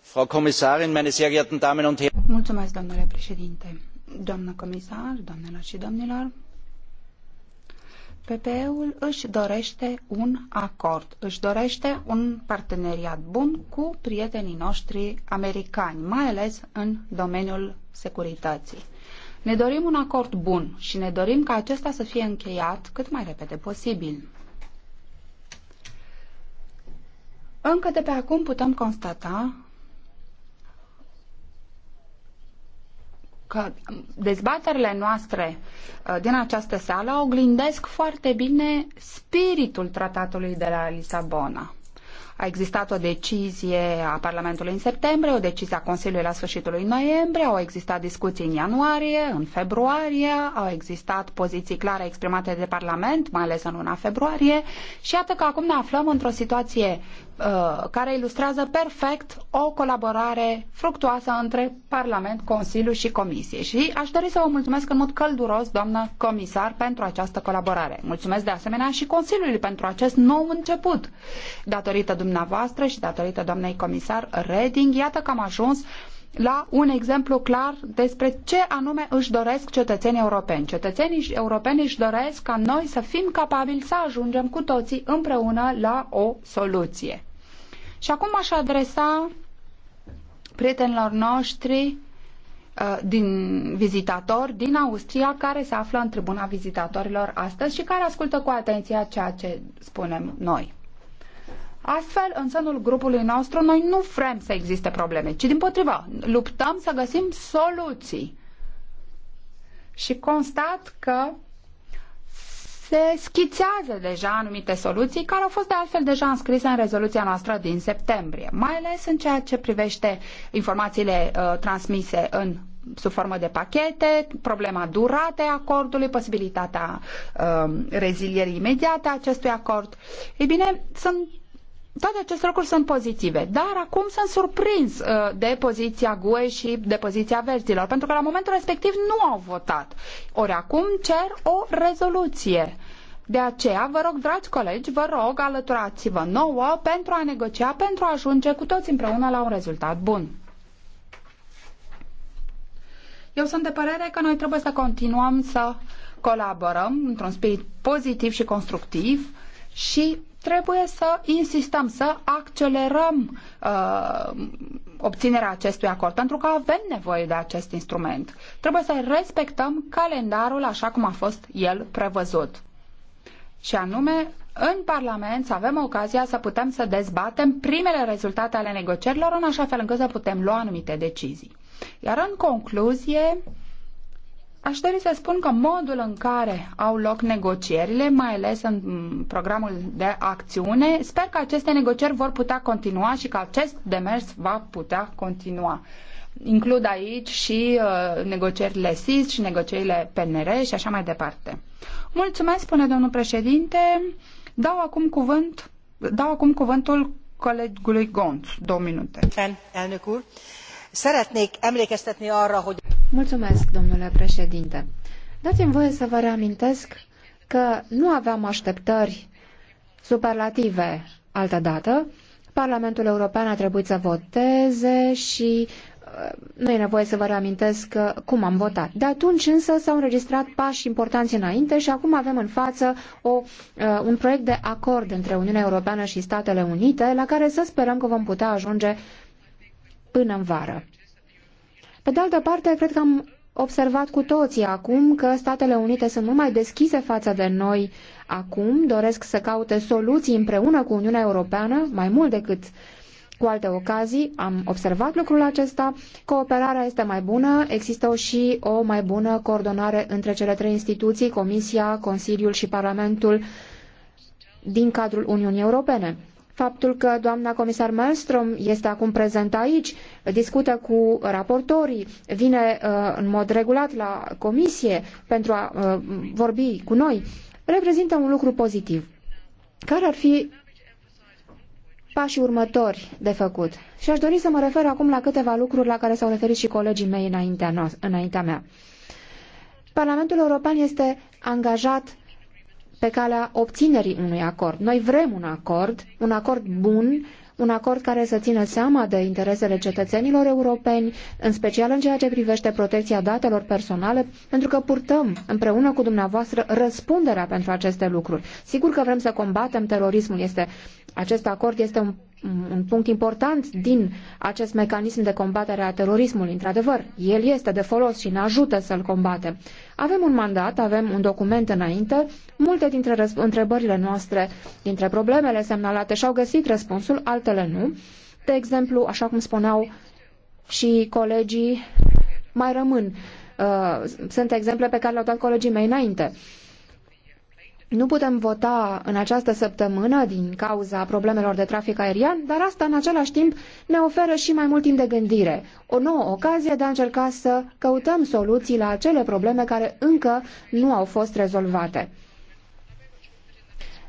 [SPEAKER 3] frau kommissarin meine sehr geehrten damen und
[SPEAKER 4] herren! domnule președinte doamnă comisar domnilor ppe ul își dorește un acord își dorește un parteneriat bun cu prietenii noștri americani mai ales în domeniul securității. Ne dorim un acord bun și ne dorim ca acesta să fie încheiat cât mai repede posibil. Încă de pe acum putem constata că dezbaterile noastre uh, din această sală oglindesc foarte bine spiritul tratatului de la Lisabona. A existat o decizie a Parlamentului în septembrie, o decizie a Consiliului la sfârșitul lui noiembrie, au existat discuții în ianuarie, în februarie, au existat poziții clare exprimate de Parlament, mai ales în luna februarie și iată că acum ne aflăm într-o situație Uh, care ilustrează perfect o colaborare fructuoasă între Parlament, Consiliu și Comisie. Și aș dori să vă mulțumesc în mod călduros, doamnă comisar, pentru această colaborare. Mulțumesc de asemenea și Consiliului pentru acest nou început. Datorită dumneavoastră și datorită doamnei comisar Reding, iată că am ajuns la un exemplu clar despre ce anume își doresc cetățenii europeni. Cetățenii europeni își doresc ca noi să fim capabili să ajungem cu toții împreună la o soluție. Și acum aș adresa prietenilor noștri uh, din vizitatori din Austria care se află în tribuna vizitatorilor astăzi și care ascultă cu atenție ceea ce spunem noi. Astfel, în sânul grupului nostru, noi nu vrem să existe probleme, ci din potriva, luptăm să găsim soluții. Și constat că se schițează deja anumite soluții care au fost de altfel deja înscrise în rezoluția noastră din septembrie, mai ales în ceea ce privește informațiile uh, transmise în sub formă de pachete, problema duratei acordului, posibilitatea uh, rezilierii imediate a acestui acord. Ei bine, sunt toate aceste lucruri sunt pozitive, dar acum sunt surprins uh, de poziția GUE și de poziția verzilor, pentru că la momentul respectiv nu au votat. Ori acum cer o rezoluție. De aceea, vă rog, dragi colegi, vă rog, alăturați-vă nouă pentru a negocia, pentru a ajunge cu toți împreună la un rezultat bun. Eu sunt de părere că noi trebuie să continuăm să colaborăm într-un spirit pozitiv și constructiv și trebuie să insistăm, să accelerăm uh, obținerea acestui acord, pentru că avem nevoie de acest instrument. Trebuie să respectăm calendarul așa cum a fost el prevăzut. Și anume, în Parlament să avem ocazia să putem să dezbatem primele rezultate ale negocierilor în așa fel încât să putem lua anumite decizii. Iar în concluzie, Aș dori să spun că modul în care au loc negocierile, mai ales în programul de acțiune, sper că aceste negocieri vor putea continua și că acest demers va putea continua. Includ aici și uh, negocierile SIS și negocierile PNR și așa mai departe. Mulțumesc, spune domnul președinte. Dau acum, cuvânt, dau acum cuvântul colegului Gonț. Două minute. Szeretnék emlékeztetni arra, hogy... Mulțumesc, domnule președinte. Dați-mi voie să vă
[SPEAKER 2] reamintesc că nu aveam așteptări superlative altă dată. Parlamentul European a trebuit să voteze și uh, nu e nevoie să vă reamintesc uh, cum am votat. De atunci însă s-au înregistrat pași importanți înainte și acum avem în față o, uh, un proiect de acord între Uniunea Europeană și Statele Unite la care să sperăm că vom putea ajunge până în vară. Pe de altă parte, cred că am observat cu toții acum că Statele Unite sunt mult mai deschise față de noi acum, doresc să caute soluții împreună cu Uniunea Europeană, mai mult decât cu alte ocazii. Am observat lucrul acesta, cooperarea este mai bună, există și o mai bună coordonare între cele trei instituții, Comisia, Consiliul și Parlamentul din cadrul Uniunii Europene. Faptul că doamna comisar Malmström este acum prezentă aici, discută cu raportorii, vine uh, în mod regulat la comisie pentru a uh, vorbi cu noi, reprezintă un lucru pozitiv. Care ar fi pașii următori de făcut? Și aș dori să mă refer acum la câteva lucruri la care s-au referit și colegii mei înaintea, înaintea mea. Parlamentul European este angajat pe calea obținerii unui acord. Noi vrem un acord, un acord bun, un acord care să țină seama de interesele cetățenilor europeni, în special în ceea ce privește protecția datelor personale, pentru că purtăm împreună cu dumneavoastră răspunderea pentru aceste lucruri. Sigur că vrem să combatem terorismul, este, acest acord este un un punct important din acest mecanism de combatere a terorismului. Într-adevăr, el este de folos și ne ajută să-l combatem. Avem un mandat, avem un document înainte. Multe dintre întrebările noastre, dintre problemele semnalate, și-au găsit răspunsul, altele nu. De exemplu, așa cum spuneau și colegii, mai rămân. Uh, sunt exemple pe care le-au dat colegii mei înainte. Uh, nu putem vota în această săptămână din cauza problemelor de trafic aerian, dar asta în același timp ne oferă și mai mult timp de gândire, o nouă ocazie de a încerca să căutăm soluții la acele probleme care încă nu au fost rezolvate.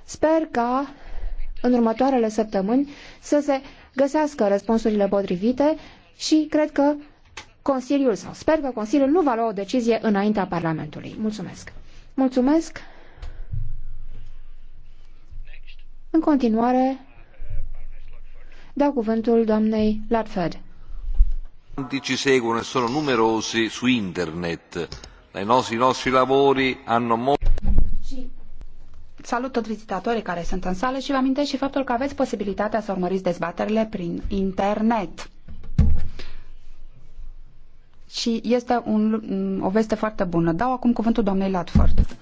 [SPEAKER 2] Sper ca în următoarele săptămâni să se găsească răspunsurile potrivite și cred că Consiliul sau sper că Consiliul nu va lua o decizie înaintea Parlamentului. Mulțumesc! Mulțumesc! În continuare, dau cuvântul doamnei Latford.
[SPEAKER 1] Ci
[SPEAKER 3] seguono e sono numerosi su internet. I nostri, I nostri lavori hanno molto
[SPEAKER 4] salut tot vizitatorii care sunt în sală și vă amintesc și faptul că aveți posibilitatea să urmăriți dezbaterile prin internet. Și este un, o veste foarte bună. Dau acum cuvântul doamnei Latford.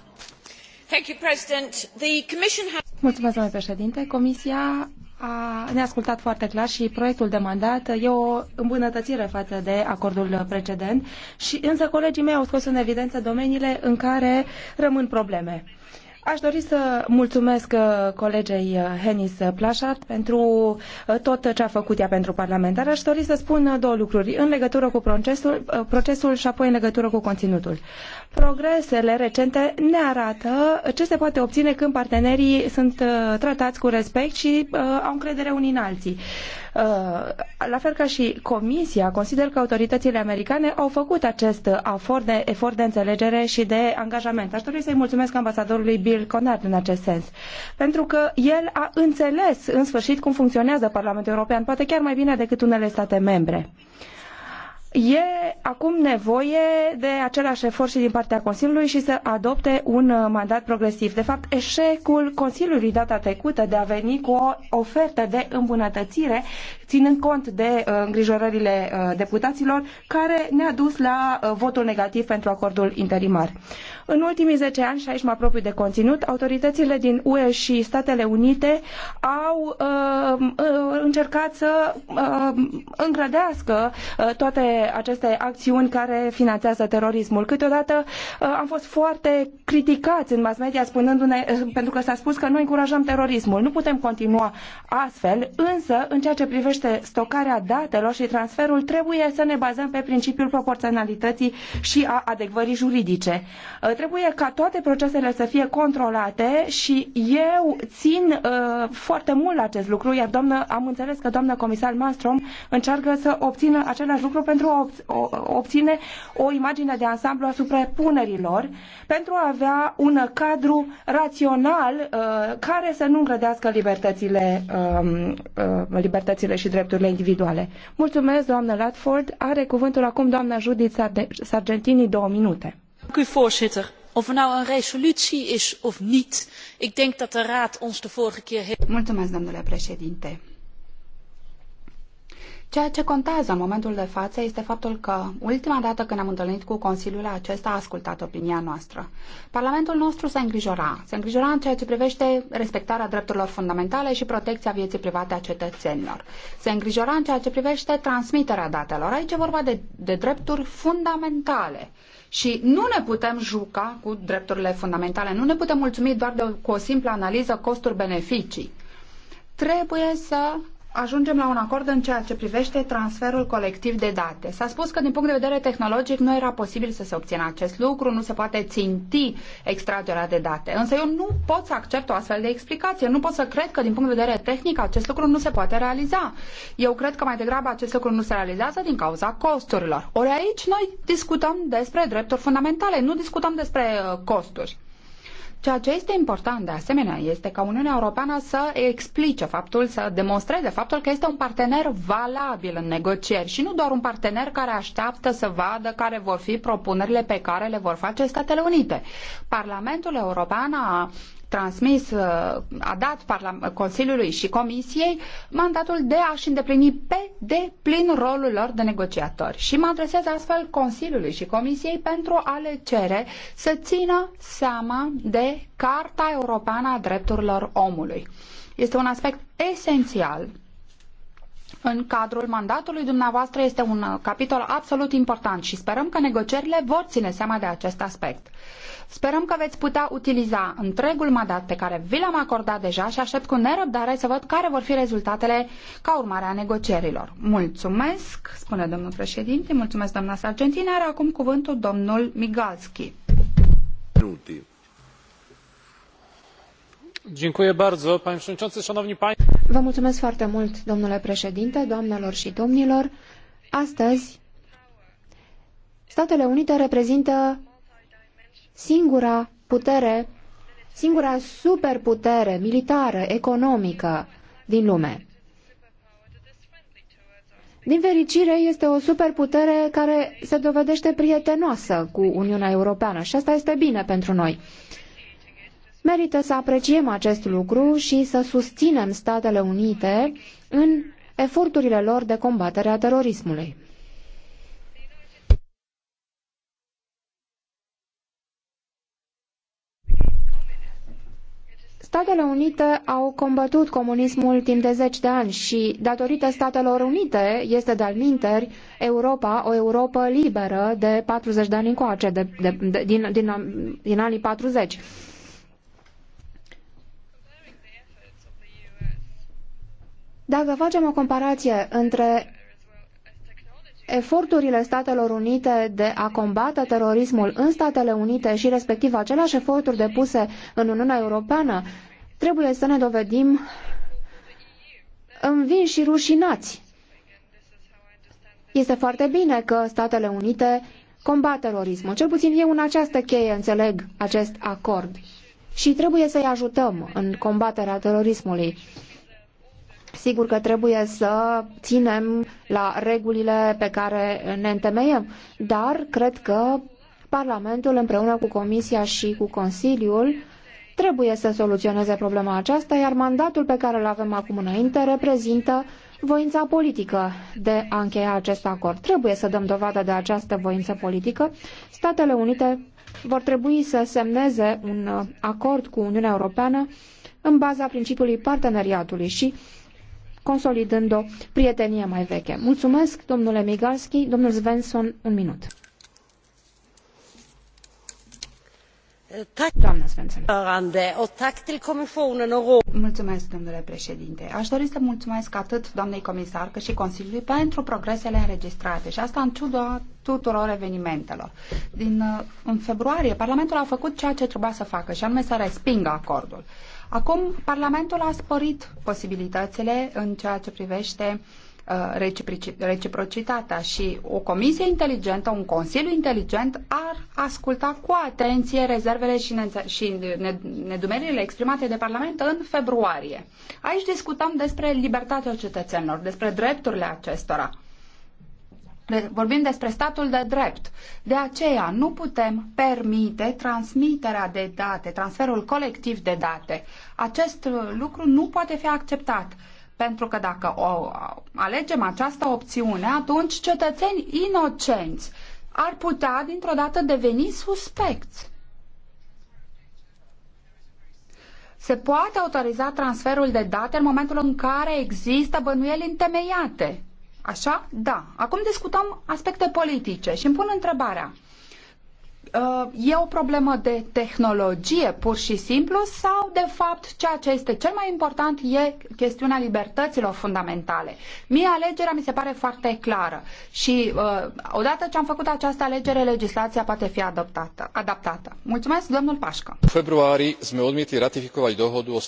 [SPEAKER 5] Mulțumesc, domnule președinte. Comisia a, ne-a ascultat foarte clar și proiectul demandat e o îmbunătățire față de acordul precedent și însă colegii mei au scos în evidență domeniile în care rămân probleme. Aș dori să mulțumesc uh, colegei uh, Henis Plașart pentru uh, tot ce a făcut ea pentru parlamentar. Aș dori să spun două lucruri în legătură cu procesul, procesul și apoi în legătură cu conținutul. Progresele recente ne arată ce se poate obține când partenerii sunt tratați cu respect și au încredere unii în alții. Uh, la fel ca și Comisia, consider că autoritățile americane au făcut acest efort de, efort de înțelegere și de angajament. Aș dori să-i mulțumesc ambasadorului Bill Conard în acest sens, pentru că el a înțeles în sfârșit cum funcționează Parlamentul European, poate chiar mai bine decât unele state membre. Uh, E acum nevoie de același efort și din partea Consiliului și să adopte un uh, mandat progresiv. De fapt, eșecul Consiliului data trecută de a veni cu o ofertă de îmbunătățire ținând cont de uh, îngrijorările uh, deputaților, care ne-a dus la uh, votul negativ pentru acordul interimar. În ultimii 10 ani, și aici mă apropiu de conținut, autoritățile din UE și Statele Unite au uh, încercat să uh, îngrădească uh, toate aceste acțiuni care finanțează terorismul. Câteodată uh, am fost foarte criticați în mass media spunându-ne, uh, pentru că s-a spus că noi încurajăm terorismul. Nu putem continua astfel, însă, în ceea ce privește privește stocarea datelor și transferul, trebuie să ne bazăm pe principiul proporționalității și a adecvării juridice. Uh, trebuie ca toate procesele să fie controlate și eu țin uh, foarte mult la acest lucru, iar doamnă, am înțeles că doamna comisar Malmström încearcă să obțină același lucru pentru a obține o imagine de ansamblu asupra punerilor, pentru a avea un cadru rațional uh, care să nu îngrădească libertățile, um, uh, libertățile și și drepturile individuale. Mulțumesc, doamnă Radford. Are cuvântul acum doamna Judith Sargentini, două minute. voorzitter. Of er nou een
[SPEAKER 4] resolutie is of niet, ik denk dat de Raad ons de vorige keer... Mulțumesc, domnule președinte. Ceea ce contează în momentul de față este faptul că ultima dată când am întâlnit cu Consiliul acesta a ascultat opinia noastră. Parlamentul nostru se îngrijora. Se îngrijora în ceea ce privește respectarea drepturilor fundamentale și protecția vieții private a cetățenilor. Se îngrijora în ceea ce privește transmiterea datelor. Aici e vorba de, de drepturi fundamentale. Și nu ne putem juca cu drepturile fundamentale, nu ne putem mulțumi doar de, cu o simplă analiză costuri-beneficii. Trebuie să ajungem la un acord în ceea ce privește transferul colectiv de date. S-a spus că din punct de vedere tehnologic nu era posibil să se obțină acest lucru, nu se poate ținti extragerea de date. Însă eu nu pot să accept o astfel de explicație, nu pot să cred că din punct de vedere tehnic acest lucru nu se poate realiza. Eu cred că mai degrabă acest lucru nu se realizează din cauza costurilor. Ori aici noi discutăm despre drepturi fundamentale, nu discutăm despre uh, costuri. Ceea ce este important de asemenea este ca Uniunea Europeană să explice faptul, să demonstreze faptul că este un partener valabil în negocieri și nu doar un partener care așteaptă să vadă care vor fi propunerile pe care le vor face Statele Unite. Parlamentul European a transmis, uh, a dat Consiliului și Comisiei mandatul de a-și îndeplini pe deplin rolul lor de negociatori. Și mă adresez astfel Consiliului și Comisiei pentru a le cere să țină seama de Carta Europeană a Drepturilor Omului. Este un aspect esențial în cadrul mandatului dumneavoastră este un uh, capitol absolut important și sperăm că negocierile vor ține seama de acest aspect. Sperăm că veți putea utiliza întregul mandat pe care vi l-am acordat deja și aștept cu nerăbdare să văd care vor fi rezultatele ca urmare a negocierilor. Mulțumesc, spune domnul președinte, mulțumesc doamna Sargentini, are acum cuvântul domnul Migalski. Minuti. Vă mulțumesc
[SPEAKER 2] foarte mult, domnule președinte, doamnelor și domnilor. Astăzi, Statele Unite reprezintă singura putere, singura superputere militară, economică din lume. Din fericire, este o superputere care se dovedește prietenoasă cu Uniunea Europeană și asta este bine pentru noi. Merită să apreciem acest lucru și să susținem Statele Unite în eforturile lor de combatere a terorismului. Statele Unite au combătut comunismul timp de zeci de ani și, datorită Statelor Unite, este de-al minteri Europa, o Europa liberă de 40 de ani încoace, de, de, de, din, din, din anii 40. Dacă facem o comparație între eforturile Statelor Unite de a combate terorismul în Statele Unite și respectiv aceleași eforturi depuse în Uniunea Europeană, trebuie să ne dovedim învinși și rușinați. Este foarte bine că Statele Unite combat terorismul. Cel puțin eu în această cheie înțeleg acest acord. Și trebuie să-i ajutăm în combaterea terorismului. Sigur că trebuie să ținem la regulile pe care ne întemeiem, dar cred că Parlamentul împreună cu Comisia și cu Consiliul trebuie să soluționeze problema aceasta, iar mandatul pe care îl avem acum înainte reprezintă voința politică de a încheia acest acord. Trebuie să dăm dovadă de această voință politică. Statele Unite vor trebui să semneze un acord cu Uniunea Europeană în baza principiului parteneriatului și consolidând o prietenie mai veche. Mulțumesc, domnule Migalski, domnul Svensson,
[SPEAKER 4] un minut. Mulțumesc, domnule președinte. Aș dori să mulțumesc atât doamnei comisar cât și Consiliului pentru progresele înregistrate și asta în ciuda tuturor evenimentelor. Din, uh, în februarie, Parlamentul a făcut ceea ce trebuia să facă și anume să respingă acordul. Acum, Parlamentul a sporit posibilitățile în ceea ce privește uh, reciprocitatea și o comisie inteligentă, un consiliu inteligent ar asculta cu atenție rezervele și, ne- și nedumeririle exprimate de Parlament în februarie. Aici discutăm despre libertatea cetățenilor, despre drepturile acestora. De, vorbim despre statul de drept. De aceea nu putem permite transmiterea de date, transferul colectiv de date. Acest lucru nu poate fi acceptat. Pentru că dacă o, alegem această opțiune, atunci cetățeni inocenți ar putea dintr-o dată deveni suspecți. Se poate autoriza transferul de date în momentul în care există bănuieli întemeiate. Așa? Da. Acum discutăm aspecte politice și îmi pun întrebarea. Uh, e o problemă de tehnologie pur și simplu sau, de fapt, ceea ce este cel mai important e chestiunea libertăților fundamentale? Mie alegerea mi se pare foarte clară și uh, odată ce am făcut această alegere, legislația poate fi adoptată, adaptată. Mulțumesc, domnul Pașcă.
[SPEAKER 3] În februarie, sme odmietli ratifikovať dohodu o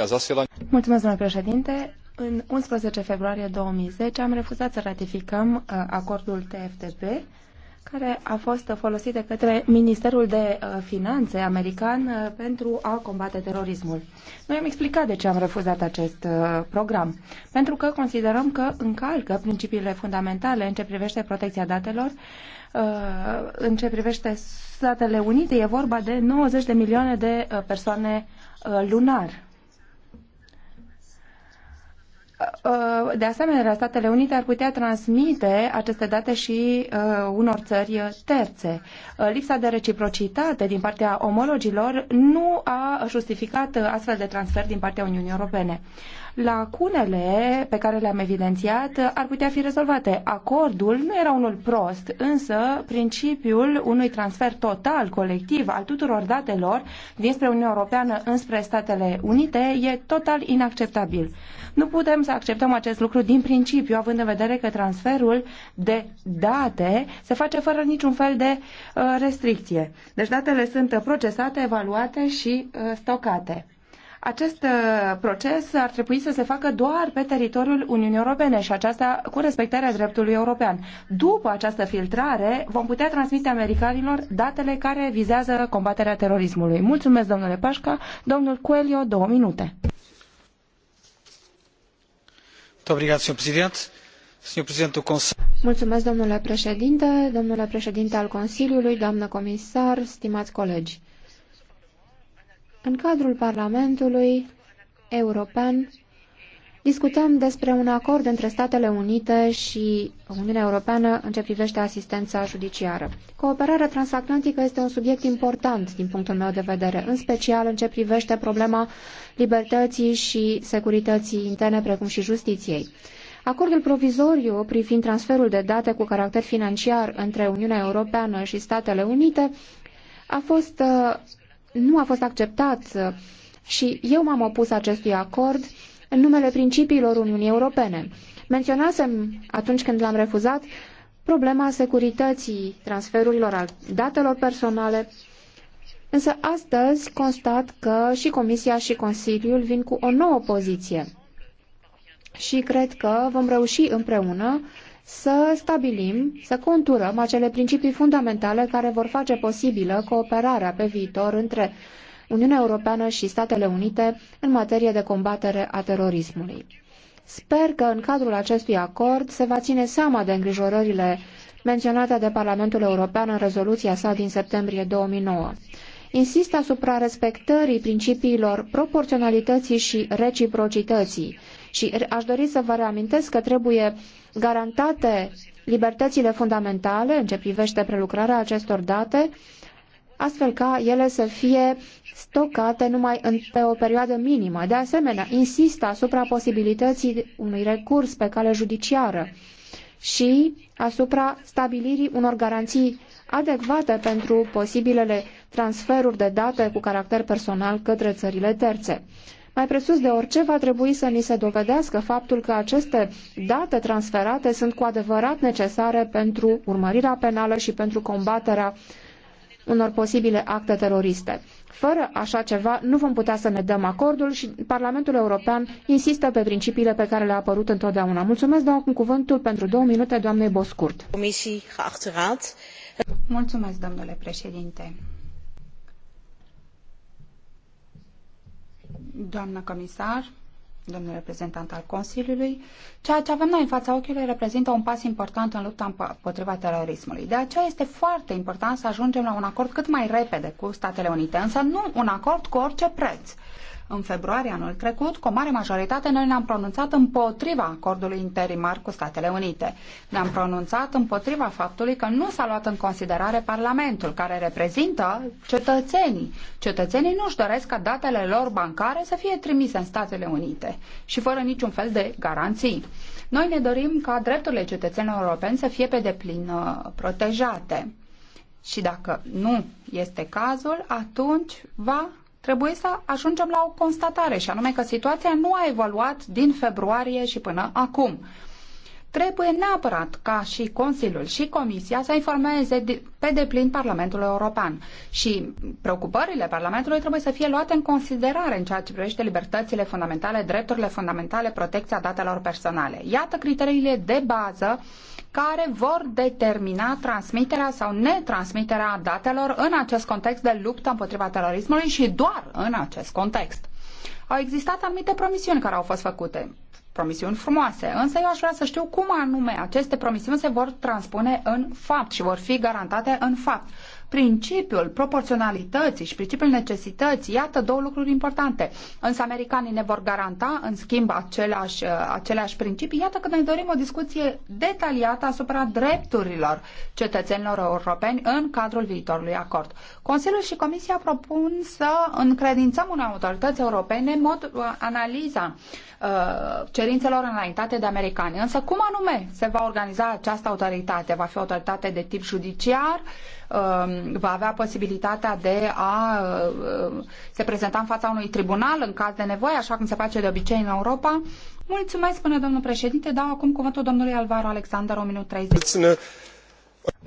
[SPEAKER 3] a zasielaní...
[SPEAKER 5] Mulțumesc, domnule președinte în 11 februarie 2010 am refuzat să ratificăm uh, acordul TFTP, care a fost folosit de către Ministerul de uh, Finanțe american uh, pentru a combate terorismul. Noi am explicat de ce am refuzat acest program, pentru că considerăm că încalcă principiile fundamentale în ce privește protecția datelor, în ce privește Statele Unite, e vorba de 90 de milioane de persoane lunar Uh, uh, de asemenea, Statele Unite ar putea transmite aceste date și uh, unor țări terțe. Lipsa de reciprocitate din partea omologilor nu a justificat astfel de transfer din partea Uniunii Europene lacunele pe care le-am evidențiat ar putea fi rezolvate. Acordul nu era unul prost, însă principiul unui transfer total, colectiv, al tuturor datelor dinspre Uniunea Europeană înspre Statele Unite e total inacceptabil. Nu putem să acceptăm acest lucru din principiu, având în vedere că transferul de date se face fără niciun fel de uh, restricție. Deci datele sunt procesate, evaluate și uh, stocate. Acest uh, proces ar trebui să se facă doar pe teritoriul Uniunii Europene și aceasta cu respectarea dreptului european. După această filtrare, vom putea transmite americanilor datele care vizează combaterea terorismului. Mulțumesc, domnule Pașca. Domnul Coelho, două minute.
[SPEAKER 2] Mulțumesc, domnule președinte, domnule președinte al Consiliului, doamnă comisar, stimați colegi. În cadrul Parlamentului European discutăm despre un acord între Statele Unite și Uniunea Europeană în ce privește asistența judiciară. Cooperarea transatlantică este un subiect important din punctul meu de vedere, în special în ce privește problema libertății și securității interne, precum și justiției. Acordul provizoriu privind transferul de date cu caracter financiar între Uniunea Europeană și Statele Unite a fost uh, nu a fost acceptat și eu m-am opus acestui acord în numele principiilor Uniunii Europene. Menționasem atunci când l-am refuzat problema securității transferurilor al datelor personale, însă astăzi constat că și Comisia și Consiliul vin cu o nouă poziție și cred că vom reuși împreună să stabilim, să conturăm acele principii fundamentale care vor face posibilă cooperarea pe viitor între Uniunea Europeană și Statele Unite în materie de combatere a terorismului. Sper că în cadrul acestui acord se va ține seama de îngrijorările menționate de Parlamentul European în rezoluția sa din septembrie 2009. Insist asupra respectării principiilor proporționalității și reciprocității și aș dori să vă reamintesc că trebuie garantate libertățile fundamentale în ce privește prelucrarea acestor date, astfel ca ele să fie stocate numai în, pe o perioadă minimă. De asemenea, insistă asupra posibilității unui recurs pe cale judiciară și asupra stabilirii unor garanții adecvate pentru posibilele transferuri de date cu caracter personal către țările terțe. Mai presus de orice, va trebui să ni se dovedească faptul că aceste date transferate sunt cu adevărat necesare pentru urmărirea penală și pentru combaterea unor posibile acte teroriste. Fără așa ceva, nu vom putea să ne dăm acordul și Parlamentul European insistă pe principiile pe care le-a apărut întotdeauna. Mulțumesc, dau acum cuvântul pentru două minute doamnei Boscurt.
[SPEAKER 4] Mulțumesc, domnule președinte. doamnă comisar, domnul reprezentant al Consiliului, ceea ce avem noi în fața ochiului reprezintă un pas important în lupta împotriva terorismului. De aceea este foarte important să ajungem la un acord cât mai repede cu Statele Unite, însă nu un acord cu orice preț. În februarie anul trecut, cu o mare majoritate, noi ne-am pronunțat împotriva acordului interimar cu Statele Unite. Ne-am pronunțat împotriva faptului că nu s-a luat în considerare Parlamentul, care reprezintă cetățenii. Cetățenii nu își doresc ca datele lor bancare să fie trimise în Statele Unite și fără niciun fel de garanții. Noi ne dorim ca drepturile cetățenilor europeni să fie pe deplin uh, protejate. Și dacă nu este cazul, atunci va trebuie să ajungem la o constatare, și anume că situația nu a evoluat din februarie și până acum. Trebuie neapărat ca și Consiliul și Comisia să informeze pe deplin Parlamentul European și preocupările Parlamentului trebuie să fie luate în considerare în ceea ce privește libertățile fundamentale, drepturile fundamentale, protecția datelor personale. Iată criteriile de bază uh, care vor determina transmiterea sau netransmiterea datelor în acest context de luptă împotriva terorismului și doar în acest context. Au existat anumite promisiuni care au fost făcute, promisiuni frumoase, însă eu aș vrea să știu cum anume aceste promisiuni se vor transpune în fapt și vor fi garantate în fapt principiul proporționalității și principiul necesității, iată două lucruri importante. Însă americanii ne vor garanta, în schimb, aceleași, aceleași principii. Iată că noi dorim o discuție detaliată asupra drepturilor cetățenilor europeni în cadrul viitorului acord. Consiliul și Comisia propun să încredințăm unei autorități europene în mod uh, analiza uh, cerințelor înaintate de americani. Însă cum anume se va organiza această autoritate? Va fi o autoritate de tip judiciar? Um, va avea posibilitatea de a uh, se prezenta în fața unui tribunal în caz de nevoie, așa cum se face de obicei în Europa. Mulțumesc,
[SPEAKER 5] până domnul președinte. Dau acum cuvântul domnului Alvaro Alexander, 1 minut 30.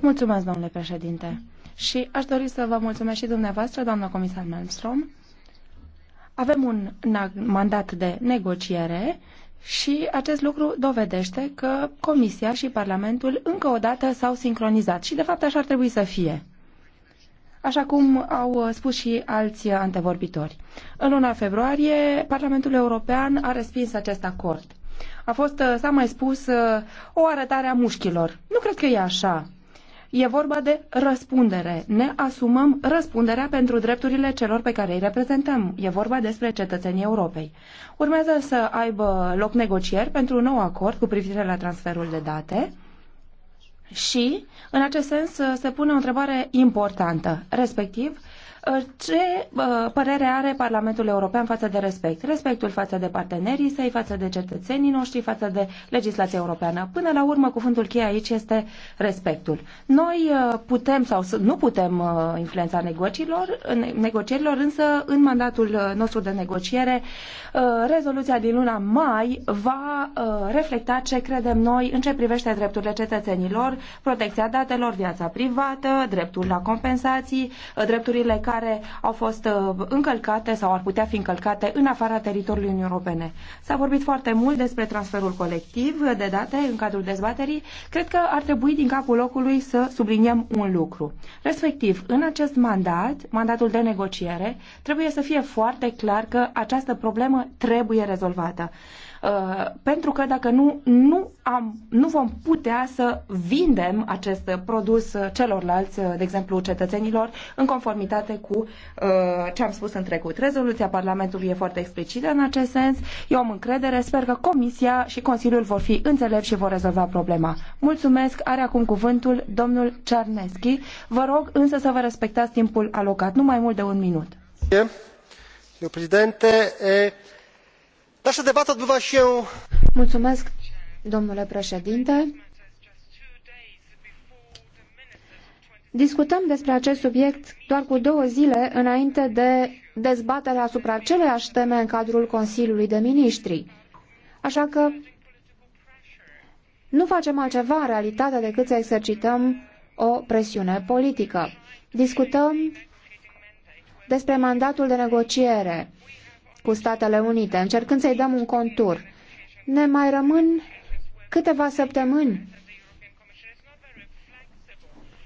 [SPEAKER 5] Mulțumesc, domnule președinte. Și aș dori să vă mulțumesc și dumneavoastră, doamnă comisar Malmström. Avem un mandat de negociere și acest lucru dovedește că Comisia și Parlamentul încă o dată s-au sincronizat și de fapt așa ar trebui să fie. Așa cum au uh, spus și alți antevorbitori. În luna februarie, Parlamentul European a respins acest acord. A fost, uh, s-a mai spus, uh, o arătare a mușchilor. Nu cred că e așa. E vorba de răspundere. Ne asumăm răspunderea pentru drepturile celor pe care îi reprezentăm. E vorba despre cetățenii Europei. Urmează să aibă loc negocieri pentru un nou acord cu privire la transferul de date. Și, în acest sens, se pune o întrebare importantă, respectiv, Uh, ce uh, părere are Parlamentul European față de respect. Respectul față de partenerii săi, față de cetățenii noștri, față de legislația europeană. Până la urmă, cuvântul cheie aici este respectul. Noi uh, putem sau nu putem influența negocierilor, negocierilor însă în mandatul nostru de negociere, rezoluția din luna mai va reflecta ce credem noi în ce privește drepturile cetățenilor, protecția datelor, viața privată, dreptul la compensații, drepturile care au fost uh, încălcate sau ar putea fi încălcate în afara teritoriului Uniunii Europene. S-a vorbit foarte mult despre transferul colectiv de date în cadrul dezbaterii. Cred că ar trebui din capul locului să subliniem un lucru. Respectiv, în acest mandat, mandatul de negociere, trebuie să fie foarte clar că această problemă trebuie rezolvată. Uh, pentru că dacă nu, nu, am, nu vom putea să vindem acest produs celorlalți, uh, de exemplu cetățenilor, în conformitate cu uh, ce am spus în trecut. Rezoluția Parlamentului e foarte explicită în acest sens. Eu am încredere, sper că Comisia și Consiliul vor fi înțelepți și vor rezolva problema. Mulțumesc, are acum cuvântul domnul Cerneschi. Vă rog însă să vă respectați timpul alocat, nu mai mult de un minut.
[SPEAKER 1] Domnule președinte, e... Nasza debata odbywa się...
[SPEAKER 2] Mulțumesc, domnule președinte. Discutăm despre acest subiect doar cu două zile înainte de dezbaterea asupra aceleași teme în cadrul Consiliului de Ministri. Așa că nu facem altceva în realitate decât să exercităm o presiune politică. Discutăm despre mandatul de negociere cu Statele Unite, încercând să-i dăm un contur. Ne mai rămân câteva săptămâni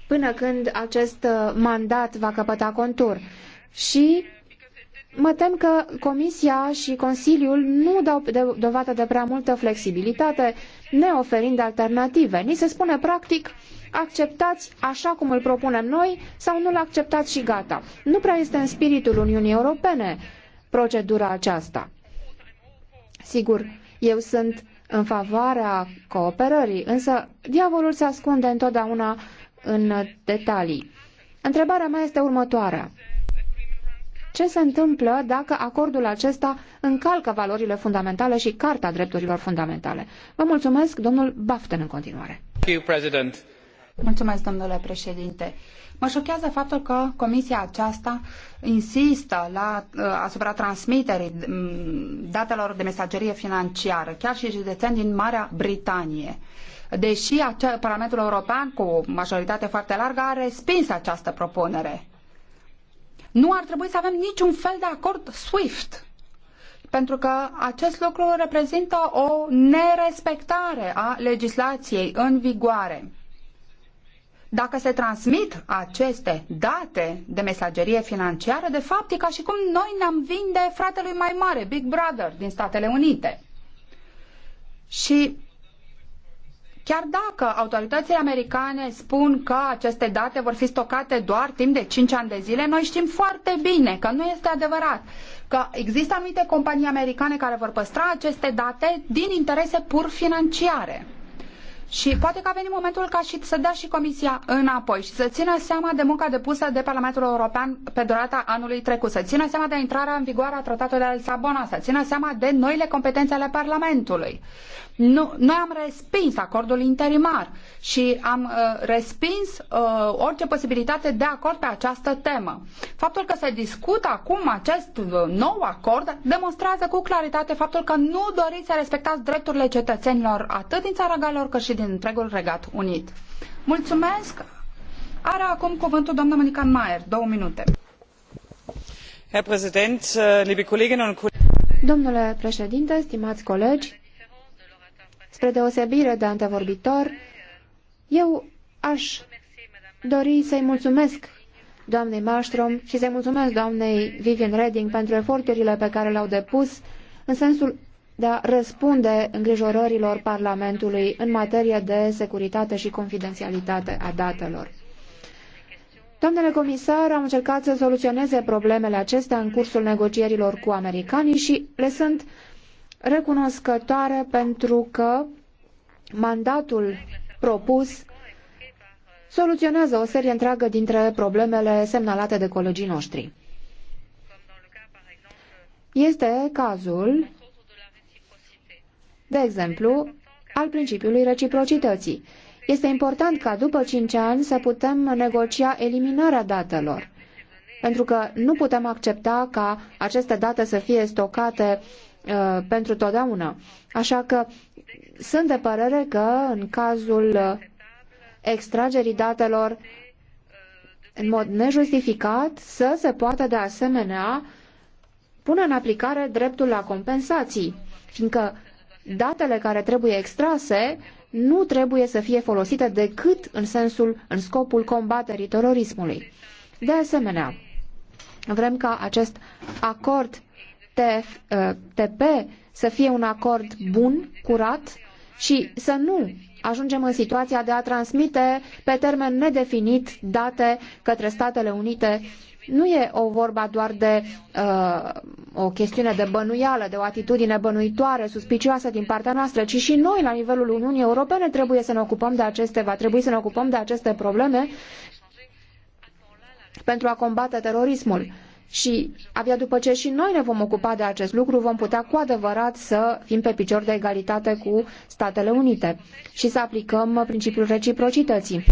[SPEAKER 2] până când acest uh, mandat va căpăta contur. Și mă tem că Comisia și Consiliul nu dau de, dovadă de prea multă flexibilitate, ne oferind alternative. Ni se spune practic acceptați așa cum îl propunem noi sau nu-l acceptați și gata. Nu prea este în spiritul Uniunii Europene procedura aceasta. Sigur, eu sunt în favoarea cooperării, însă diavolul se ascunde întotdeauna în detalii. Întrebarea mea este următoarea. Ce se întâmplă dacă acordul acesta încalcă valorile fundamentale și Carta Drepturilor Fundamentale?
[SPEAKER 4] Vă mulțumesc, domnul Baften, în continuare. Mulțumesc, domnule președinte. Mă șochează faptul că comisia aceasta insistă la, uh, asupra transmiterii mm, datelor de mesagerie financiară, chiar și județeni din Marea Britanie. Deși Parlamentul European, cu majoritate foarte largă, a respins această propunere. Nu ar trebui să avem niciun fel de acord SWIFT pentru că acest lucru reprezintă o nerespectare a legislației în vigoare. Dacă se transmit aceste date de mesagerie financiară, de fapt e ca și cum noi ne-am vinde fratelui mai mare, Big Brother, din Statele Unite. Și Chiar dacă autoritățile americane spun că aceste date vor fi stocate doar timp de 5 ani de zile, noi știm foarte bine că nu este adevărat, că există anumite companii americane care vor păstra aceste date din interese pur financiare. Și poate că a venit momentul ca și să dea și Comisia înapoi și să țină seama de munca depusă de Parlamentul European pe durata anului trecut, să țină seama de intrarea în vigoare a Tratatului de la Lisabona, să țină seama de noile competențe ale Parlamentului. Nu, noi am respins acordul interimar și am uh, respins uh, orice posibilitate de acord pe această temă. Faptul că se discută acum acest uh, nou acord demonstrează cu claritate faptul că nu doriți să respectați drepturile cetățenilor atât din țara Galilor cât și din întregul Regat Unit. Mulțumesc! Are acum cuvântul doamna Monica Maier. Două minute. Herr Präsident, äh, liebe Kolleginnen und Kollegen. Domnule președinte, stimați colegi,
[SPEAKER 2] Spre deosebire de antevorbitor, eu aș dori să-i mulțumesc doamnei Maștrom și să-i mulțumesc doamnei Vivian Redding pentru eforturile pe care le-au depus în sensul de a răspunde îngrijorărilor Parlamentului în materie de securitate și confidențialitate a datelor. Doamnele comisar, am încercat să soluționeze problemele acestea în cursul negocierilor cu americanii și le sunt recunoscătoare pentru că mandatul propus soluționează o serie întreagă dintre problemele semnalate de colegii noștri. Este cazul, de exemplu, al principiului reciprocității. Este important ca după cinci ani să putem negocia eliminarea datelor, pentru că nu putem accepta ca aceste date să fie stocate Uh, pentru totdeauna. Așa că sunt de părere că în cazul extragerii datelor în mod nejustificat să se poată de asemenea pune în aplicare dreptul la compensații, fiindcă datele care trebuie extrase nu trebuie să fie folosite decât în sensul, în scopul combaterii terorismului. De asemenea, vrem ca acest acord TP uh, să fie un acord bun, curat și să nu ajungem în situația de a transmite pe termen nedefinit date către Statele Unite. Nu e o vorba doar de uh, o chestiune de bănuială, de o atitudine bănuitoare, suspicioasă din partea noastră, ci și noi, la nivelul Uniunii Europene, trebuie să ne ocupăm de aceste, va trebui să ne ocupăm de aceste probleme pentru a combate terorismul. Și abia după ce și noi ne vom ocupa de acest lucru, vom putea cu adevărat să fim pe picior de egalitate cu Statele Unite și să aplicăm principiul reciprocității.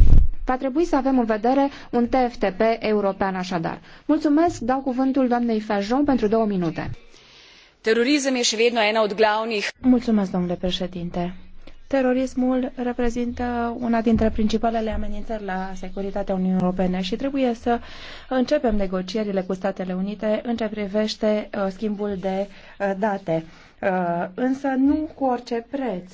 [SPEAKER 2] Va trebui să avem în vedere un TFTP european așadar. Mulțumesc, dau cuvântul doamnei Fajon pentru
[SPEAKER 5] două minute.
[SPEAKER 2] Terorism e și vedno una od glavnih.
[SPEAKER 5] Mulțumesc, domnule președinte. Terorismul reprezintă una dintre principalele amenințări la securitatea Uniunii Europene și trebuie să începem negocierile cu Statele Unite în ce privește uh, schimbul de uh, date, uh, însă nu cu orice preț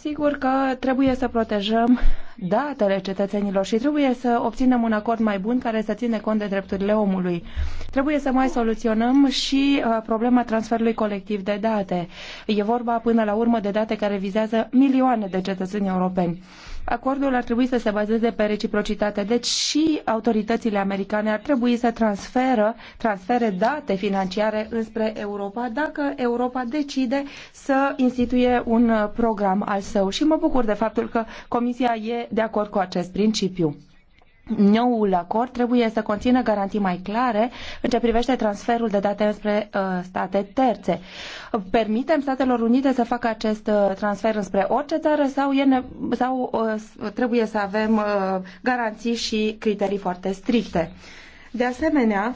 [SPEAKER 5] Sigur că trebuie să protejăm datele cetățenilor și trebuie să obținem un acord mai bun care să ține cont de drepturile omului. Trebuie să mai soluționăm și uh, problema transferului colectiv de date. E vorba până la urmă de date care vizează milioane de cetățeni europeni. Acordul ar trebui să se bazeze pe reciprocitate, deci și autoritățile americane ar trebui să transferă, transfere date financiare înspre Europa dacă Europa decide să instituie un program al său. Și mă bucur de faptul că Comisia e de acord cu acest principiu. Noul acord trebuie să conțină garantii mai clare în ce privește transferul de date spre uh, state terțe. Permitem Statelor Unite să facă acest uh, transfer înspre orice țară sau, e sau uh, trebuie să avem uh, garanții și criterii foarte stricte. De asemenea,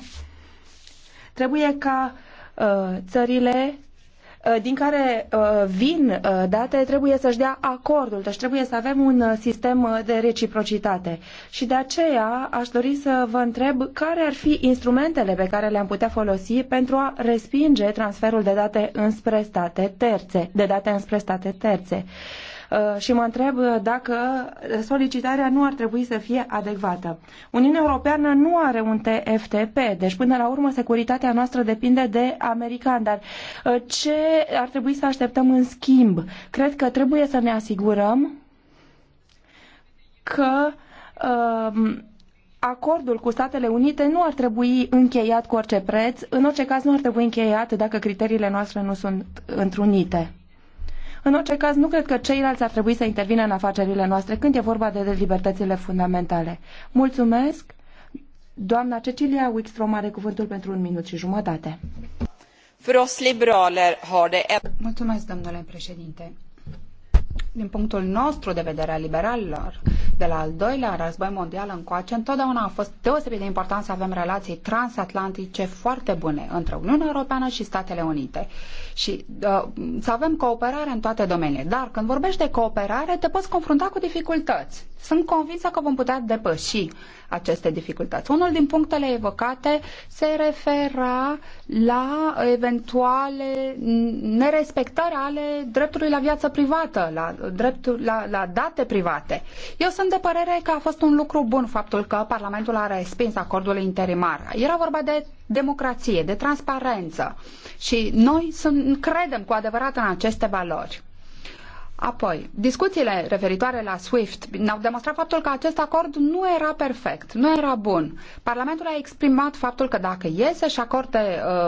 [SPEAKER 5] trebuie ca uh, țările Uh, din care uh, vin uh, date trebuie să-și dea acordul, deci trebuie să avem un sistem de reciprocitate. Și de aceea aș dori să vă întreb care ar fi instrumentele pe care le-am putea folosi pentru a respinge transferul de date înspre state terțe, de date înspre state terțe. Uh, și mă întreb dacă solicitarea nu ar trebui să fie adecvată. Uniunea Europeană nu are un TFTP, deci până la urmă securitatea noastră depinde de americani, dar uh, ce ar trebui să așteptăm în schimb? Cred că trebuie să ne asigurăm că um, acordul cu Statele Unite nu ar trebui încheiat cu orice preț, în orice caz nu ar trebui încheiat dacă criteriile noastre nu sunt întrunite. În orice caz, nu cred că ceilalți ar trebui să intervină în afacerile noastre când e vorba de libertățile fundamentale. Mulțumesc! Doamna Cecilia Wickstrom are cuvântul pentru un minut și jumătate.
[SPEAKER 4] Mulțumesc, domnule președinte din punctul nostru de vedere a liberalilor, de la al doilea război mondial încoace, întotdeauna a fost deosebit de important să avem relații transatlantice foarte bune între Uniunea Europeană și Statele Unite și uh, să avem cooperare în toate domeniile. Dar când vorbești de cooperare, te poți confrunta cu dificultăți. Sunt convinsă că vom putea depăși aceste dificultăți. Unul din punctele evocate se refera la eventuale nerespectări ale dreptului la viață privată, la, dreptul, la, la date private. Eu sunt de părere că a fost un lucru bun faptul că Parlamentul a respins acordul interimar. Era vorba de democrație, de transparență și noi sunt, credem cu adevărat în aceste valori. Apoi, discuțiile referitoare la SWIFT ne-au demonstrat faptul că acest acord nu era perfect, nu era bun. Parlamentul a exprimat faptul că dacă iese și acorde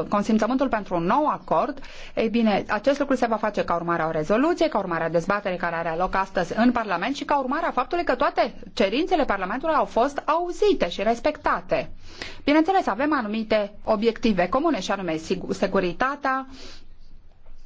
[SPEAKER 4] uh, consimțământul pentru un nou acord, ei bine, acest lucru se va face ca urmare a o rezoluție, ca urmare a dezbaterii care are loc astăzi în Parlament și ca urmare a faptului că toate cerințele Parlamentului au fost auzite și respectate. Bineînțeles, avem anumite obiective comune și anume securitatea,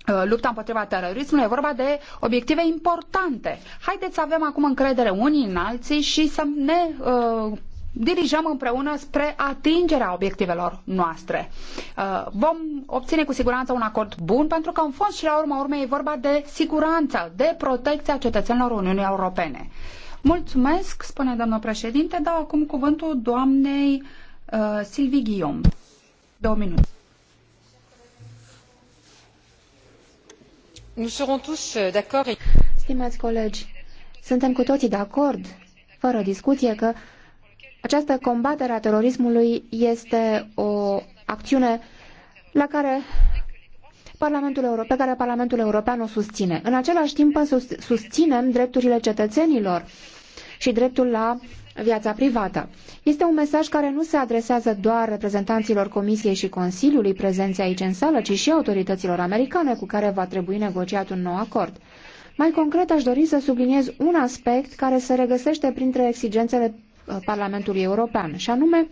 [SPEAKER 4] Uh, lupta împotriva terorismului, e vorba de obiective importante. Haideți să avem acum încredere unii în alții și să ne uh, dirijăm împreună spre atingerea obiectivelor noastre. Uh, vom obține cu siguranță un acord bun, pentru că în fond și la urma urmei e vorba de siguranță, de protecția cetățenilor Uniunii Europene. Mulțumesc, spune domnul președinte, dau acum cuvântul doamnei uh, Silvi Ghiom. Două minute. Euh,
[SPEAKER 2] Stimați colegi, suntem cu toții de acord, fără discuție, că această combatere a terorismului este o acțiune la care Parlamentul European, pe care Parlamentul European o susține. În același timp, susținem drepturile cetățenilor și dreptul la viața privată. Este un mesaj care nu se adresează doar reprezentanților Comisiei și Consiliului prezenți aici în sală, ci și autorităților americane cu care va trebui negociat un nou acord. Mai concret, aș dori să subliniez un aspect care se regăsește printre exigențele uh, Parlamentului European, și anume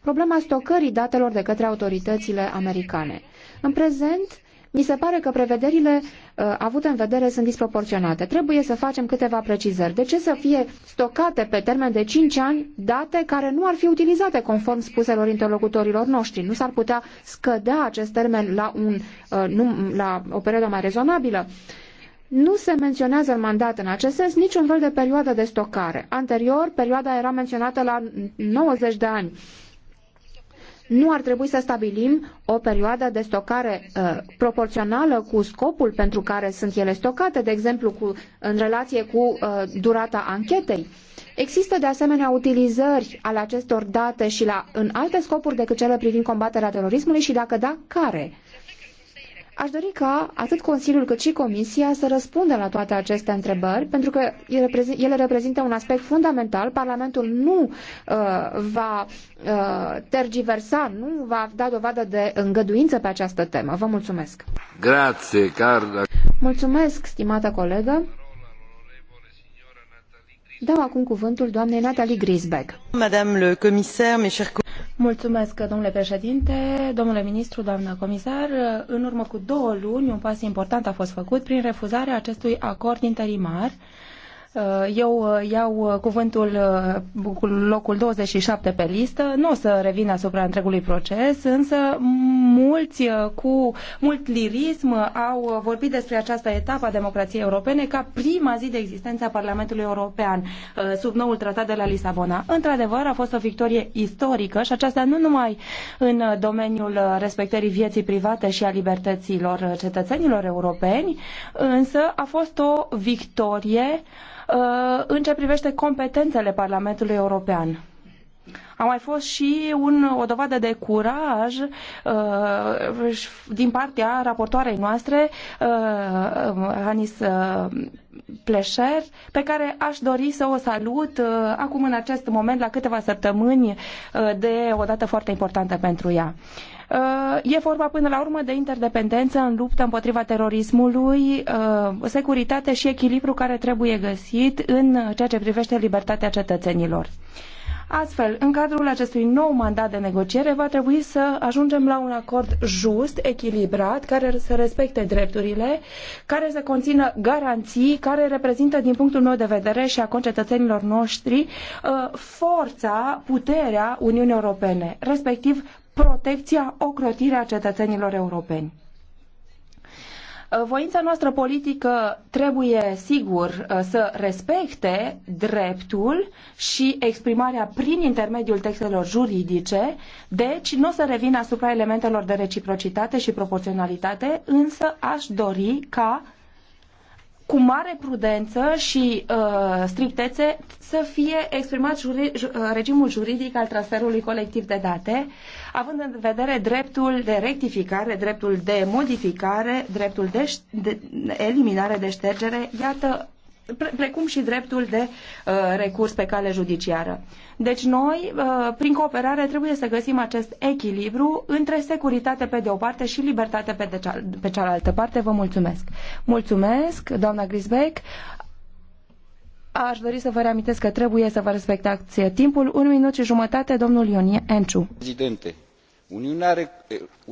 [SPEAKER 2] problema stocării datelor de către autoritățile americane. În prezent, mi se pare că prevederile uh, avute în vedere sunt disproporționate. Trebuie să facem câteva precizări. De ce să fie stocate pe termen de 5 ani date care nu ar fi utilizate conform spuselor interlocutorilor noștri? Nu s-ar putea scădea acest termen la, un, uh, nu, la o perioadă mai rezonabilă? Nu se menționează în mandat în acest sens niciun fel de perioadă de stocare. Anterior, perioada era menționată la 90 de ani nu ar trebui să stabilim o perioadă de stocare uh, proporțională cu scopul pentru care sunt ele stocate, de exemplu cu, în relație cu uh, durata anchetei. Există de asemenea utilizări ale acestor date și la, în alte scopuri decât cele privind combaterea terorismului și dacă da, care? Aș dori ca atât Consiliul cât și Comisia să răspundă la toate aceste întrebări, pentru că ele reprezintă un aspect fundamental. Parlamentul nu uh, va uh, tergiversa, nu va da dovadă de îngăduință pe această temă. Vă mulțumesc!
[SPEAKER 1] Grazie, Carla!
[SPEAKER 2] Mulțumesc, stimată colegă! Dau
[SPEAKER 5] acum cuvântul doamnei Natalie Grisbeck.
[SPEAKER 2] Madame
[SPEAKER 3] le commissaire, mes chers
[SPEAKER 5] Mulțumesc, domnule președinte, domnule ministru, doamnă comisar. În urmă cu două luni, un pas important a fost făcut prin refuzarea acestui acord interimar Uh, eu uh, iau uh, cuvântul locul 27 pe listă, nu o să revin asupra întregului proces, însă mulți cu mult lirism au vorbit despre această etapă a democrației europene ca prima zi de existență a Parlamentului European sub noul tratat de la Lisabona. Într-adevăr, a fost o victorie istorică și aceasta nu numai în domeniul respectării vieții private și a libertăților cetățenilor europeni, însă a fost o victorie Uh, în ce privește competențele Parlamentului European. A mai fost și un, o dovadă de curaj uh, din partea raportoarei noastre, uh, Anis uh, Pleșer, pe care aș dori să o salut uh, acum în acest moment, la câteva săptămâni, uh, de o dată foarte importantă pentru ea. Uh, Uh, e vorba până la urmă de interdependență în luptă împotriva terorismului, uh, securitate și echilibru care trebuie găsit în ceea ce privește libertatea cetățenilor. Astfel, în cadrul acestui nou mandat de negociere, va trebui să ajungem la un acord just, echilibrat, care să respecte drepturile, care să conțină garanții, care reprezintă, din punctul meu de vedere și a concetățenilor noștri, uh, forța, puterea Uniunii Europene, respectiv protecția, ocrotirea cetățenilor europeni. Uh, voința noastră politică trebuie, sigur, uh, să respecte dreptul și exprimarea prin intermediul textelor juridice, deci nu o să revin asupra elementelor de reciprocitate și proporționalitate, însă aș dori ca cu mare prudență și uh, strictețe să fie exprimat juri, uh, regimul juridic al transferului colectiv de date, având în vedere dreptul de rectificare, dreptul de modificare, dreptul de, de eliminare, de ștergere. Iată precum și dreptul de uh, recurs pe cale judiciară. Deci noi, uh, prin cooperare, trebuie să găsim acest echilibru între securitate pe de o parte și libertate pe, de pe cealaltă parte. Vă mulțumesc. Mulțumesc, doamna Grisbeck. Aș dori să vă reamintesc că trebuie să vă respectați timpul. Un minut și jumătate, domnul Ionie Enciu.
[SPEAKER 3] Prezidente, uniunea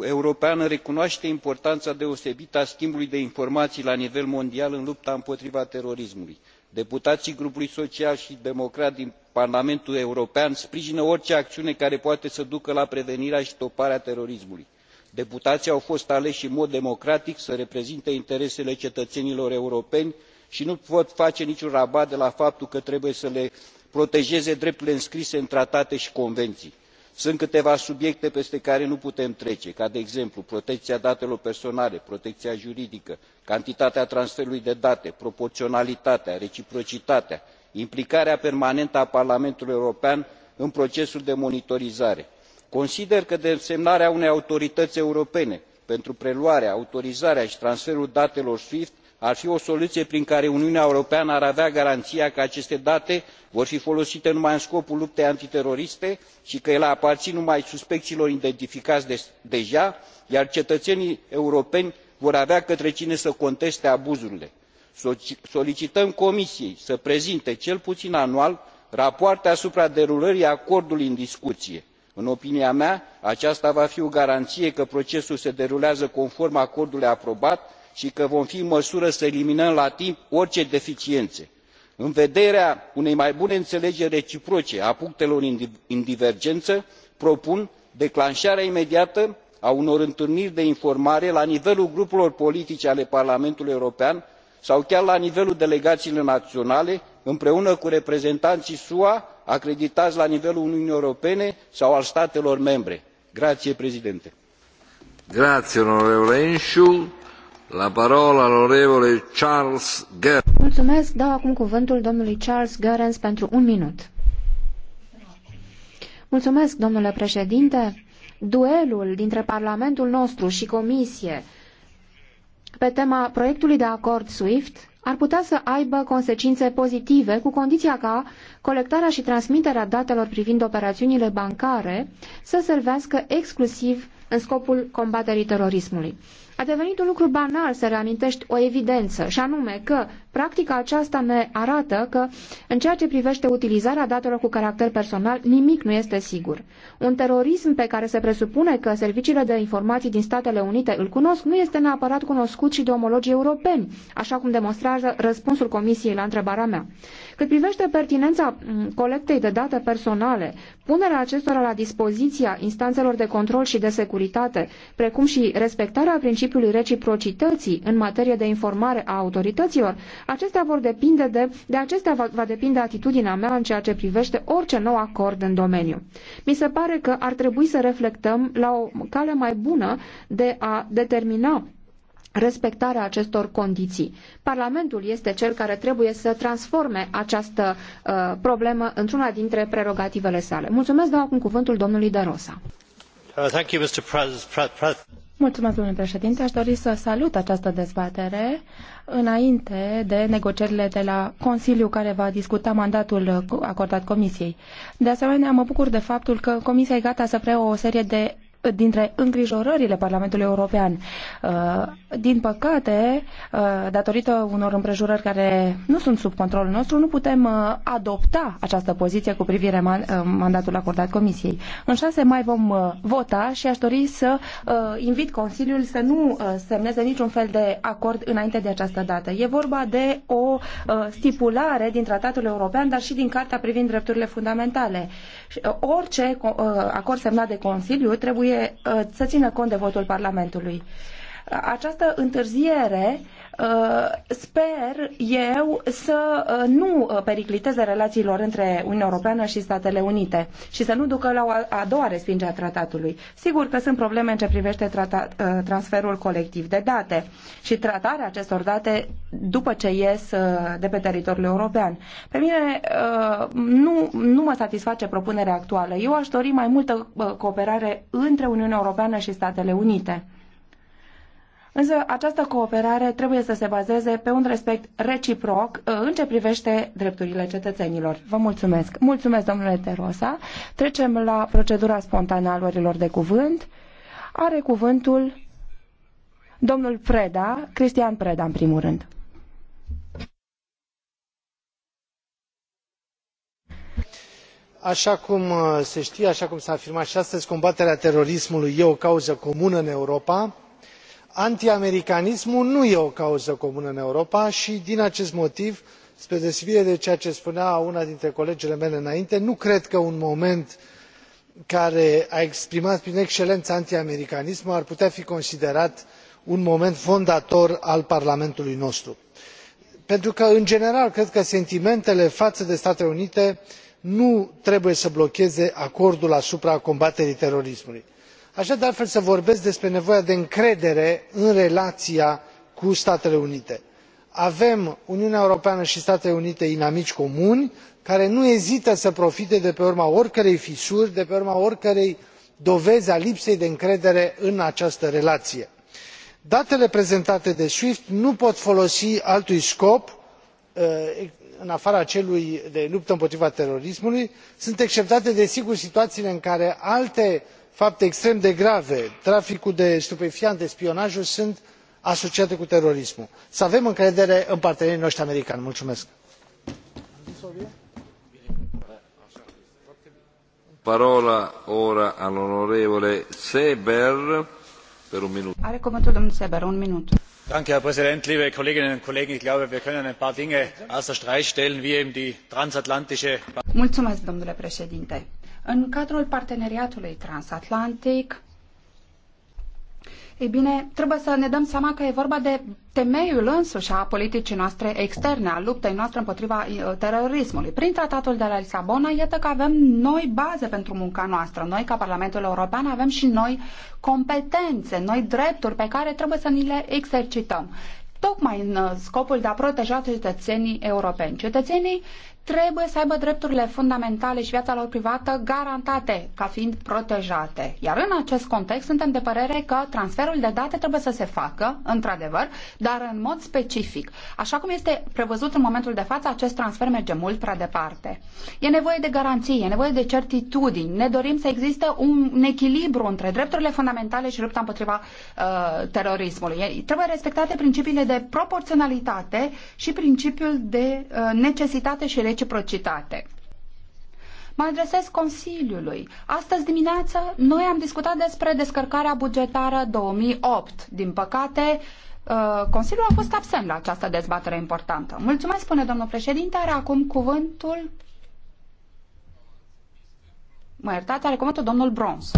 [SPEAKER 3] europeană recunoaște importanța deosebită a schimbului de informații la nivel mondial în lupta împotriva terorismului. deputații grupului social democrat din parlamentul european sprijină orice acțiune care poate să ducă la prevenirea și stoparea terorismului. deputații au fost aleși în mod democratic să reprezinte interesele cetățenilor europeni și nu pot face niciun rabat de la faptul că trebuie să le protejeze drepturile înscrise în tratate și convenții sunt câteva subiecte peste care nu putem trece ca de exemplu protecia datelor personale protecia juridică cantitatea transferului de date proporionalitatea reciprocitatea implicarea permanentă a parlamentului european în procesul de monitorizare. consider că desemnarea unei autorităi europene pentru preluarea autorizarea i transferul datelor swift ar fi o soluie prin care uniunea europeană ar avea garania că aceste date vor fi folosite numai în scopul luptei antiteroriste i că ele aparin numai suspecilor identificai deja iar cetăenii europeni vor avea către cine să conteste abuzurile. solicităm comisiei să prezinte cel puin anual rapoarte asupra derulării acordului în discuie. în opinia mea aceasta va fi o garanie că procesul se derulează conform acordului aprobat i că vom fi în măsură să eliminăm la timp orice deficiene. în vederea unei mai bune înelegeri reciproce a punctelor în divergenă propun declanarea imediată a unor întâlniri de informare la nivelul grupurilor politice ale parlamentului european sau chiar la nivelul delegaiilor naionale împreună cu reprezentanii sua acreditai la nivelul uniunii europene sau al statelor membre. La parola l'orevole Charles
[SPEAKER 2] Mulțumesc, dau acum cuvântul domnului Charles Goerens pentru un minut. Mulțumesc, domnule președinte. Duelul dintre Parlamentul nostru și Comisie pe tema proiectului de acord SWIFT ar putea să aibă consecințe pozitive cu condiția ca colectarea și transmiterea datelor privind operațiunile bancare să servească exclusiv în scopul combaterii terorismului. A devenit un lucru banal să reamintești o evidență, și anume că practica aceasta ne arată că, în ceea ce privește utilizarea datelor cu caracter personal, nimic nu este sigur. Un terorism pe care se presupune că serviciile de informații din Statele Unite îl cunosc nu este neapărat cunoscut și de omologii europeni, așa cum demonstrează răspunsul Comisiei la întrebarea mea. Cât privește pertinența mm, colectei de date personale, punerea acestora la dispoziția instanțelor de control și de securitate, precum și respectarea principiului principiului reciprocității în materie de informare a autorităților, acestea vor depinde de, de acestea va, va depinde atitudinea mea în ceea ce privește orice nou acord în domeniu. Mi se pare că ar trebui să reflectăm la o cale mai bună de a determina respectarea acestor condiții. Parlamentul este cel care trebuie să transforme această uh, problemă într-una dintre prerogativele sale. Mulțumesc,
[SPEAKER 5] dau acum cuvântul domnului De Rosa. Uh, Mulțumesc, domnule președinte. Aș dori să salut această dezbatere înainte de negocierile de la Consiliu care va discuta mandatul acordat Comisiei. De asemenea, mă bucur de faptul că Comisia e gata să preia o serie de dintre îngrijorările Parlamentului European. Uh, din păcate, uh, datorită unor împrejurări care nu sunt sub controlul nostru, nu putem uh, adopta această poziție cu privire mandatul acordat Comisiei. În 6 mai vom vota și aș dori să invit Consiliul să nu semneze niciun fel de acord înainte de această dată. E vorba de o stipulare din Tratatul European, dar și din Carta privind drepturile fundamentale. Uh, orice uh, acord semnat de Consiliu trebuie uh, să țină cont de votul Parlamentului. Această întârziere Uh, sper eu să uh, nu uh, pericliteze relațiilor între Uniunea Europeană și Statele Unite și să nu ducă la a doua respingere a tratatului. Sigur că sunt probleme în ce privește transferul colectiv de date și tratarea acestor date după ce ies de pe teritoriul european. Pe mine nu, nu mă satisface propunerea actuală. Eu aș dori mai multă cooperare între Uniunea Europeană și Statele Unite Însă această cooperare trebuie să se bazeze pe un respect reciproc uh, în ce privește drepturile cetățenilor. Vă mulțumesc. Mulțumesc, domnule Terosa. Trecem la procedura spontană a luărilor de cuvânt. Are cuvântul domnul Preda, Cristian Preda, în primul rând.
[SPEAKER 1] așa cum uh, se știe așa cum s a afirmat și astăzi combaterea terorismului e o cauză comună în europa antiamericanismul nu e o cauză comună în europa i din acest motiv spre deosebire de ceea ce spunea una dintre colegele mele înainte nu cred că un moment care a exprimat prin excelenă antiamericanismul ar putea fi considerat un moment fondator al parlamentului nostru pentru că în general cred că sentimentele faă de statele unite nu trebuie să blocheze acordul asupra combaterii terorismului a vrea de altfel să vorbesc despre nevoia de încredere în relaia cu statele unite. avem uniunea europeană i statele unite inamici comuni care nu ezită să profite de pe urma oricărei fisuri de pe urma oricărei dovezi a lipsei de încredere în această relaie. datele prezentate de swift nu pot folosi altui scop uh, în afara celui de luptă împotriva terorismului sunt exceptate desigur situaiile în care alte fapte extrem de grave traficul de stupefiante spionajul sunt asociate cu terorismul. să avem încredere în partenerii notri americani.
[SPEAKER 4] herr präsident liebe kolleginnen und kollegen! ich glaube wir können ein paar dinge
[SPEAKER 1] außer streit stellen wie eben die transatlantische.
[SPEAKER 4] În cadrul parteneriatului transatlantic, ei bine, trebuie să ne dăm seama că e vorba de temeiul însuși a politicii noastre externe, a luptei noastre împotriva uh, terorismului. Prin tratatul de la Lisabona, iată că avem noi baze pentru munca noastră. Noi, ca Parlamentul European, avem și noi competențe, noi drepturi pe care trebuie să ni le exercităm tocmai în uh, scopul de a proteja cetățenii europeni. Cetățenii trebuie să aibă drepturile fundamentale și viața lor privată garantate ca fiind protejate. Iar în acest context suntem de părere că transferul de date trebuie să se facă, într-adevăr, dar în mod specific. Așa cum este prevăzut în momentul de față, acest transfer merge mult prea departe. E nevoie de garanții, e nevoie de certitudini. Ne dorim să existe un echilibru între drepturile fundamentale și lupta împotriva uh, terorismului. E, trebuie respectate principiile de proporționalitate și principiul de uh, necesitate și reciprocitate. Mă adresez Consiliului. Astăzi dimineață noi am discutat despre descărcarea bugetară 2008. Din păcate, uh, Consiliul a fost absent la această dezbatere importantă. Mulțumesc, spune domnul președinte. Are acum cuvântul... Mă iertați, are cuvântul domnul Brons.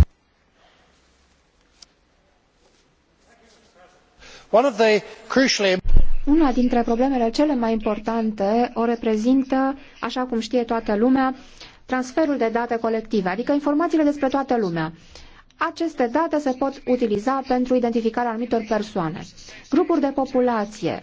[SPEAKER 1] One of the crucially...
[SPEAKER 2] Una dintre problemele cele mai importante o reprezintă, așa cum știe toată lumea, transferul de date colective, adică informațiile despre toată lumea. Aceste date se pot utiliza pentru identificarea anumitor persoane. Grupuri de populație,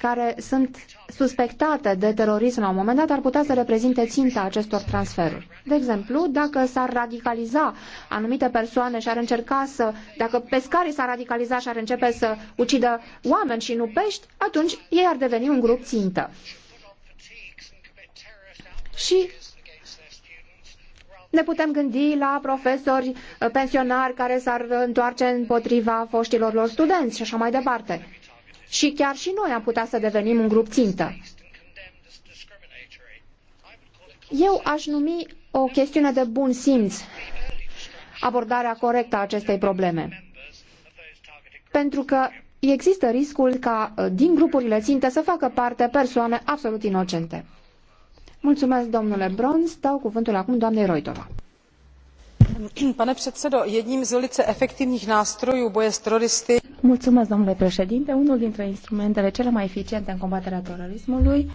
[SPEAKER 2] care sunt suspectate de terorism la un moment dat ar putea să reprezinte ținta acestor transferuri. De exemplu, dacă s-ar radicaliza anumite persoane și ar încerca să, dacă pescarii s-ar radicaliza și ar începe să ucidă oameni și nu pești, atunci ei ar deveni un grup țintă. Și ne putem gândi la profesori uh, pensionari care s-ar întoarce împotriva foștilor lor studenți și așa mai departe și chiar și noi am putea să devenim un grup țintă. Eu aș numi o chestiune de bun simț abordarea corectă a acestei probleme. Pentru că există riscul ca uh, din grupurile ținte să facă parte persoane absolut inocente. Mulțumesc, domnule Bronz. Dau cuvântul acum doamnei Roitova.
[SPEAKER 4] Pane předsedo, jedním z velice efektivních nástrojů boje s teroristy
[SPEAKER 5] Mulțumesc, domnule președinte. Unul dintre instrumentele cele mai eficiente în combaterea terorismului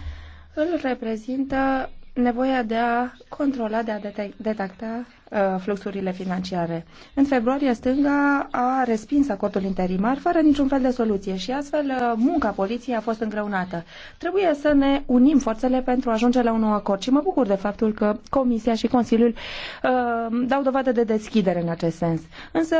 [SPEAKER 5] îl reprezintă nevoia de a controla, de a detecta Uh, fluxurile financiare. În februarie, stânga a respins acordul interimar fără niciun fel de soluție și astfel uh, munca poliției a fost îngreunată. Trebuie să ne unim forțele pentru a ajunge la un nou acord și mă bucur de faptul că Comisia și Consiliul uh, dau dovadă de deschidere în acest sens. Însă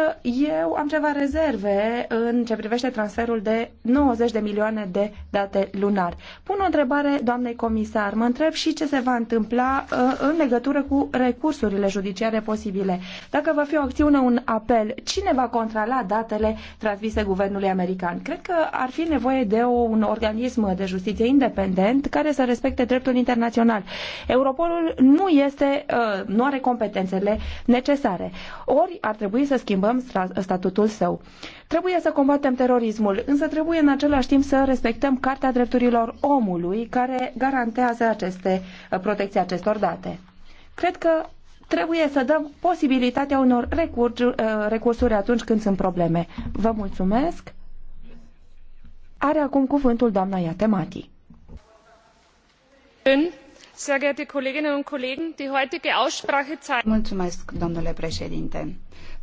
[SPEAKER 5] eu am ceva rezerve în ce privește transferul de 90 de milioane de date lunar. Pun o întrebare doamnei comisar. Mă întreb și ce se va întâmpla uh, în legătură cu recursurile judiciare clare posibile. Dacă va fi o acțiune, un apel, cine va controla datele transmise guvernului american? Cred că ar fi nevoie de o, un organism de justiție independent care să respecte dreptul internațional. Europolul nu este, uh, nu are competențele necesare. Ori ar trebui să schimbăm statutul său. Trebuie să combatem terorismul, însă trebuie în același timp să respectăm Carta Drepturilor Omului, care garantează aceste, uh, protecția acestor date. Cred că trebuie să dăm posibilitatea unor uh, recursuri atunci când sunt probleme. Vă mulțumesc. Are acum cuvântul doamna Iatemati. Mulțumesc,
[SPEAKER 4] domnule președinte.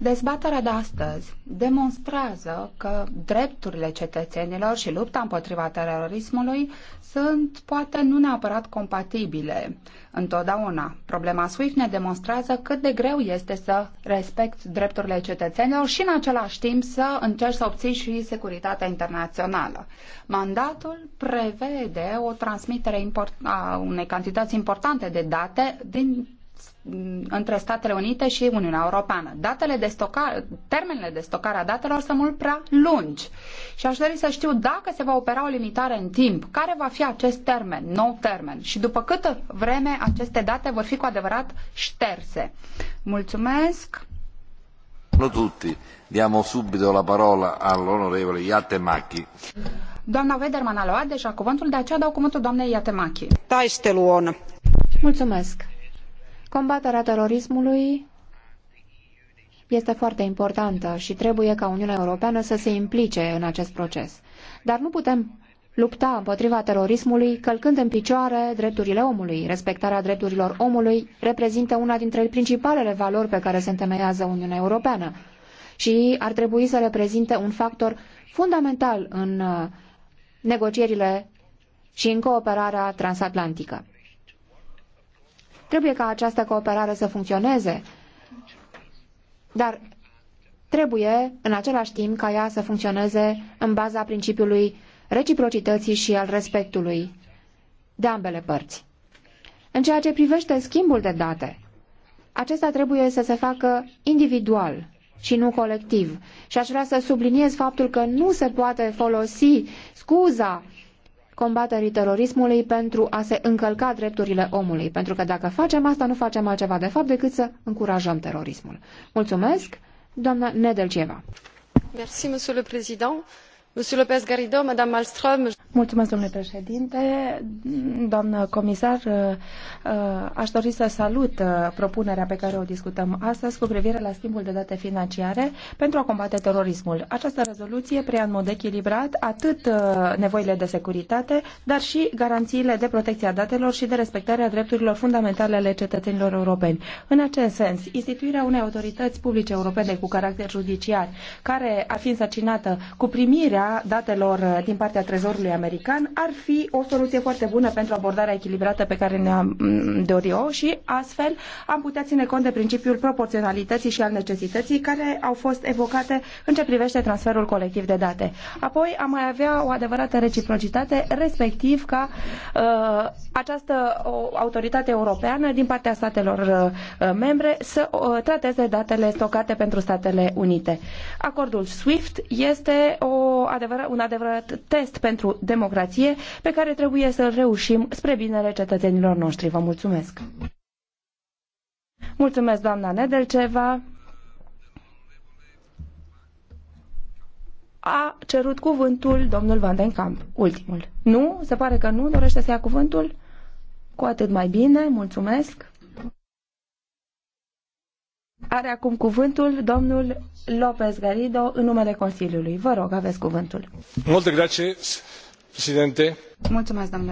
[SPEAKER 4] Dezbaterea de astăzi demonstrează că drepturile cetățenilor și lupta împotriva terorismului sunt poate nu neapărat compatibile întotdeauna. Problema SWIFT ne demonstrează cât de greu este să respecti drepturile cetățenilor și în același timp să încerci să obții și securitatea internațională. Mandatul prevede o transmitere a unei cantități importante de date din între Statele Unite și Uniunea Europeană. Datele de stocare, termenele de stocare a datelor sunt mult prea lungi și aș dori să știu dacă se va opera o limitare în timp, care va fi acest termen, nou termen și după câtă vreme aceste date vor fi cu adevărat șterse. Mulțumesc!
[SPEAKER 3] Buongiorno tutti, diamo subito la parola all'onorevole Iatemaki.
[SPEAKER 4] Doamna Vederman a luat deja cuvântul, de aceea dau cuvântul doamnei Iatemaki. Taistelu on. Mulțumesc. Combaterea terorismului
[SPEAKER 2] este foarte importantă și trebuie ca Uniunea Europeană să se implice în acest proces. Dar nu putem lupta împotriva terorismului călcând în picioare drepturile omului. Respectarea drepturilor omului reprezintă una dintre principalele valori pe care se întemeiază Uniunea Europeană și ar trebui să reprezinte un factor fundamental în uh, negocierile și în cooperarea transatlantică. Trebuie ca această cooperare să funcționeze, dar trebuie în același timp ca ea să funcționeze în baza principiului reciprocității și al respectului de ambele părți. În ceea ce privește schimbul de date, acesta trebuie să se facă individual și nu colectiv. Și aș vrea să subliniez faptul că nu se poate folosi scuza combaterii terorismului pentru a se încălca drepturile omului. Pentru că dacă facem asta, nu facem altceva de fapt decât să încurajăm terorismul. Mulțumesc, doamna Nedelceva.
[SPEAKER 4] Merci, monsieur le président. Monsieur Lopez Garrido, madame Malmström.
[SPEAKER 5] Mulțumesc, domnule președinte. Doamnă comisar, uh, uh, aș dori să salut uh, propunerea pe care o discutăm astăzi cu privire la schimbul de date financiare pentru a combate terorismul. Această rezoluție preia în mod echilibrat atât nevoile de securitate, dar și garanțiile de protecție a datelor și de respectarea drepturilor fundamentale ale cetățenilor europeni. În acest sens, instituirea unei autorități publice europene cu caracter judiciar, care ar fi însărcinată cu primirea datelor din partea trezorului american ar fi o soluție foarte bună pentru abordarea echilibrată pe care ne-am mm, dorit-o și astfel am putea ține cont de principiul proporționalității și al necesității care au fost evocate în ce privește transferul colectiv de date. Apoi am mai avea o adevărată reciprocitate, respectiv ca uh, această autoritate europeană din partea statelor uh, membre să uh, trateze datele stocate pentru Statele Unite. Acordul SWIFT este o adevărat, un adevărat test pentru democrație pe care trebuie să-l reușim spre binele cetățenilor noștri. Vă mulțumesc! Mulțumesc, doamna Nedelceva. A cerut cuvântul domnul Van den Kamp, ultimul. Nu? Se pare că nu dorește să ia cuvântul? Cu atât mai bine, mulțumesc. Are acum cuvântul domnul López Garrido în numele Consiliului. Vă rog, aveți cuvântul.
[SPEAKER 1] Multe gracias, Presidente.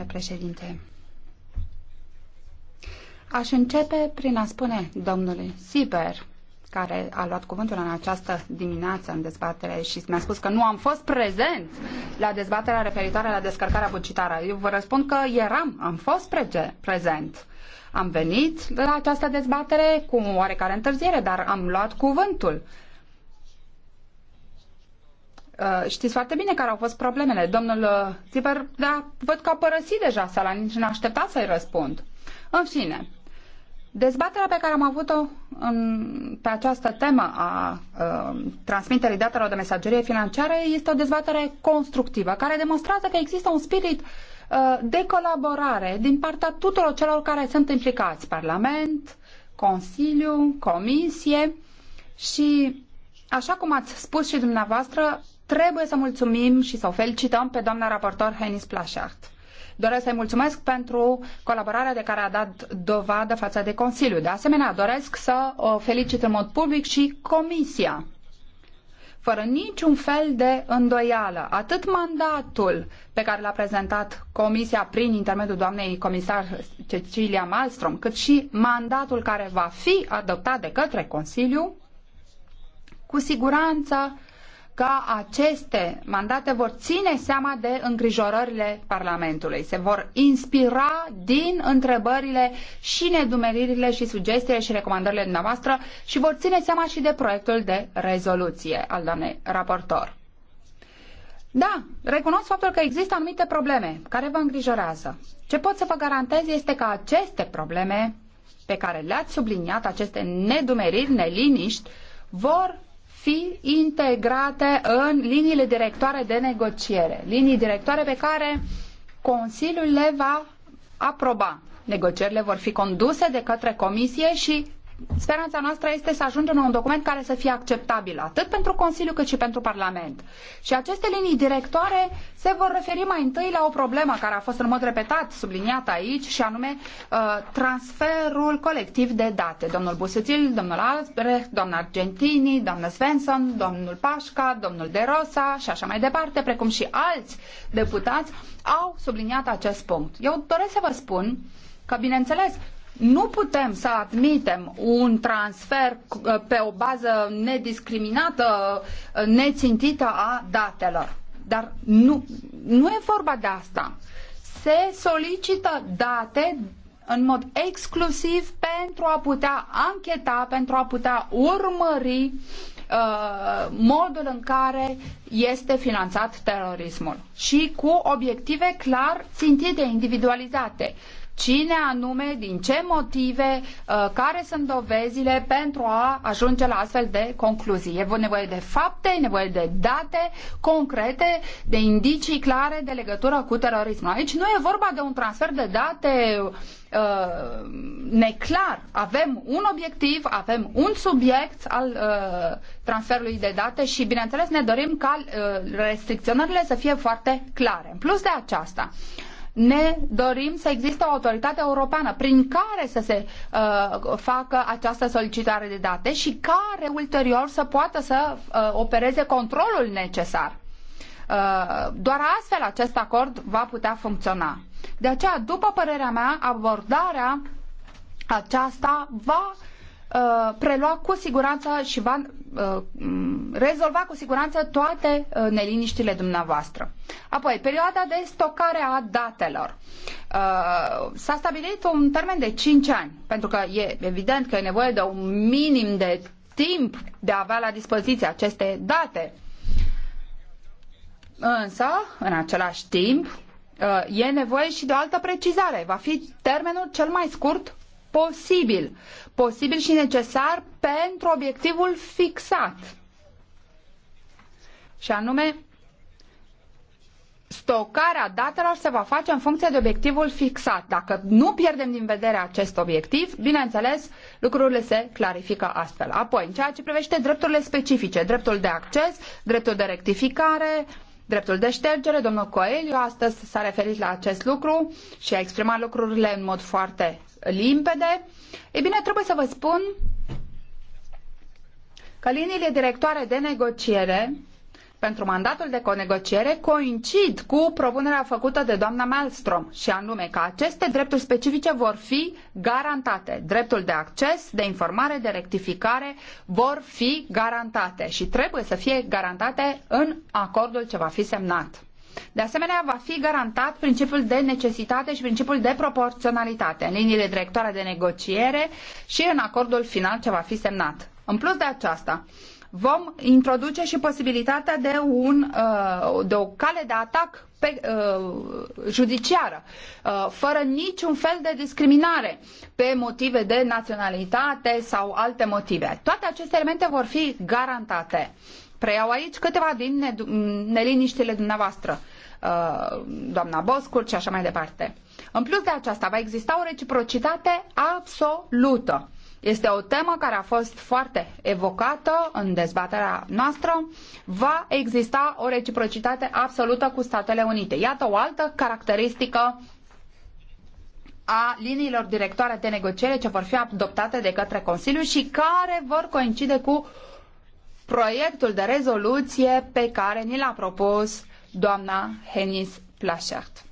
[SPEAKER 5] președinte.
[SPEAKER 4] Aș începe prin a spune domnului seeber care a luat cuvântul în această dimineață în dezbatere și mi-a spus că nu am fost prezent la dezbaterea referitoare la descărcarea bugetară. Eu vă răspund că eram, am fost prege, prezent. Am venit la această dezbatere cu oarecare întârziere, dar am luat cuvântul. Uh, știți foarte bine care au fost problemele. Domnul Țiper, uh, da, văd că a părăsit deja sala, nici nu a așteptat să-i răspund. În fine, dezbaterea pe care am avut-o pe această temă a a uh, transmiterii datelor de mesagerie financiară este o dezbatere constructivă, care demonstrează că există un spirit de colaborare din partea tuturor celor care sunt implicați, Parlament, Consiliu, Comisie și Așa cum ați spus și dumneavoastră, Trebuie să mulțumim și să o felicităm pe doamna raportor Henis Plașart. Doresc să-i mulțumesc pentru colaborarea de care a dat dovadă față de Consiliu. De asemenea, doresc să o felicit în mod public și Comisia fără niciun fel de îndoială. Atât mandatul pe care l-a prezentat Comisia prin intermediul doamnei comisar Cecilia Malmström, cât și mandatul care va fi adoptat de către Consiliu, cu siguranță că aceste mandate vor ține seama de îngrijorările Parlamentului, se vor inspira din întrebările și nedumeririle și sugestiile și recomandările dumneavoastră și vor ține seama și de proiectul de rezoluție al doamnei raportor. Da, recunosc faptul că există anumite probleme care vă îngrijorează. Ce pot să vă garantez este că aceste probleme pe care le-ați subliniat, aceste nedumeriri, neliniști, vor fi integrate în liniile directoare de negociere, linii directoare pe care Consiliul le va aproba. Negocierile vor fi conduse de către Comisie și speranța noastră este să ajungem la un document care să fie acceptabil atât pentru Consiliu cât și pentru Parlament. Și aceste linii directoare se vor referi mai întâi la o problemă care a fost în mod repetat subliniată aici și anume uh, transferul colectiv de date. Domnul Busutil, domnul Albrecht, doamna Argentini, doamna Svensson, domnul Pașca, domnul De Rosa și așa mai departe, precum și alți deputați au subliniat acest punct. Eu doresc să vă spun că, bineînțeles, nu putem să admitem un transfer uh, pe o bază nediscriminată, uh, nețintită a datelor. Dar nu, nu e vorba de asta. Se solicită date în mod exclusiv pentru a putea ancheta, pentru a putea urmări uh, modul în care este finanțat terorismul și cu obiective clar țintite, individualizate cine anume, din ce motive, uh, care sunt dovezile pentru a ajunge la astfel de concluzii. E nevoie de fapte, e nevoie de date concrete, de indicii clare de legătură cu terorismul. Aici nu e vorba de un transfer de date uh, neclar. Avem un obiectiv, avem un subiect al uh, transferului de date și, bineînțeles, ne dorim ca restricționările să fie foarte clare. În plus de aceasta, ne dorim să existe o autoritate europeană prin care să se uh, facă această solicitare de date și care ulterior să poată să uh, opereze controlul necesar. Uh, doar astfel acest acord va putea funcționa. De aceea, după părerea mea, abordarea aceasta va Uh, prelua cu siguranță și va uh, rezolva cu siguranță toate uh, neliniștile dumneavoastră. Apoi, perioada de stocare a datelor. s-a stabilit un termen de 5 ani, pentru că e evident că e nevoie de un minim de timp de a avea la dispoziție aceste date. Însă, în același timp, e nevoie și de o altă precizare. Va fi termenul cel mai scurt posibil. Posibil și necesar pentru obiectivul fixat. Și anume, stocarea datelor se va face în funcție de obiectivul fixat. Dacă nu pierdem din vedere acest obiectiv, bineînțeles, lucrurile se clarifică astfel. Apoi, în ceea ce privește drepturile specifice, dreptul de acces, dreptul de rectificare, uh, dreptul de ștergere. Domnul Coelho astăzi s-a referit la acest lucru și a exprimat lucrurile în mod foarte limpede. E bine, trebuie să vă spun că liniile directoare de negociere pentru mandatul de conegociere coincid cu propunerea făcută de doamna Malmström și anume că aceste drepturi specifice vor fi garantate. Dreptul de acces, de informare, de rectificare vor fi garantate și trebuie să fie garantate în acordul ce va fi semnat. De asemenea, va fi garantat principiul de necesitate și principiul de proporționalitate în liniile directoare de negociere și în acordul final ce va fi semnat. În plus de aceasta, vom introduce și posibilitatea de, un, uh, de o cale de atac pe, uh, judiciară, uh, fără niciun fel de discriminare pe motive de naționalitate sau alte motive. Toate aceste elemente vor fi garantate. Preiau aici câteva din ne, neliniștile dumneavoastră, uh, doamna Boscur și așa mai departe. În plus de aceasta, va exista o reciprocitate absolută. Este o temă care a fost foarte evocată în dezbaterea noastră. Va exista o reciprocitate absolută cu Statele Unite. Iată o altă caracteristică a liniilor directoare de negociere ce vor fi adoptate de către Consiliu și care vor coincide cu proiectul de rezoluție pe care ni l-a propus doamna Henis Plaschert.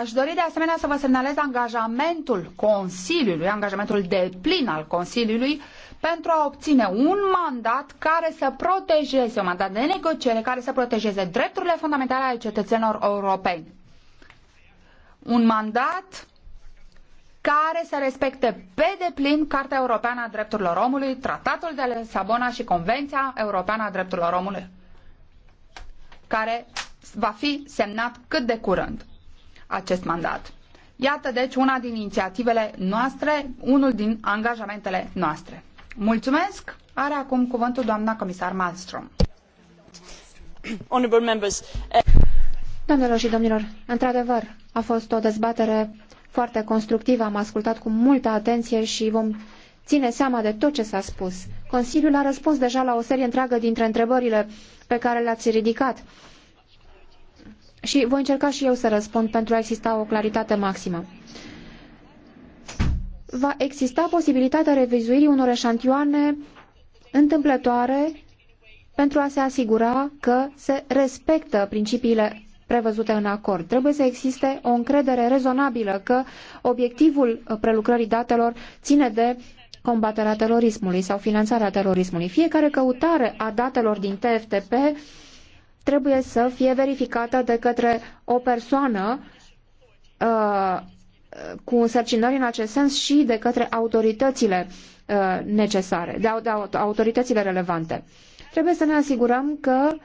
[SPEAKER 4] Aș dori de asemenea să vă semnalez angajamentul Consiliului, angajamentul de plin al Consiliului pentru a obține un mandat care să protejeze, un mandat de negociere care să protejeze drepturile fundamentale ale cetățenilor europeni. Un mandat care să respecte pe deplin Cartea Europeană a Drepturilor Omului, Tratatul de Lisabona și Convenția Europeană a Drepturilor Omului, care va fi semnat cât de curând acest mandat. Iată deci una din inițiativele noastre, unul din angajamentele noastre. Mulțumesc! Are acum cuvântul doamna comisar Malmström. members, Doamnelor și domnilor, într-adevăr, a fost o dezbatere
[SPEAKER 2] foarte constructivă, am ascultat cu multă atenție și vom ține seama de tot ce s-a spus. Consiliul a răspuns deja la o serie întreagă dintre întrebările pe care le-ați ridicat. Și voi încerca și eu să răspund pentru a exista o claritate maximă. Va exista posibilitatea revizuirii unor eșantioane întâmplătoare pentru a se asigura că se respectă principiile prevăzute în acord. Trebuie să existe o încredere rezonabilă că obiectivul prelucrării datelor ține de combaterea terorismului sau finanțarea terorismului. Fiecare căutare a datelor din TFTP trebuie să fie verificată de către o persoană uh, cu însărcinări în acest sens și de către autoritățile uh, necesare, de, de autoritățile relevante. Trebuie să ne asigurăm că uh,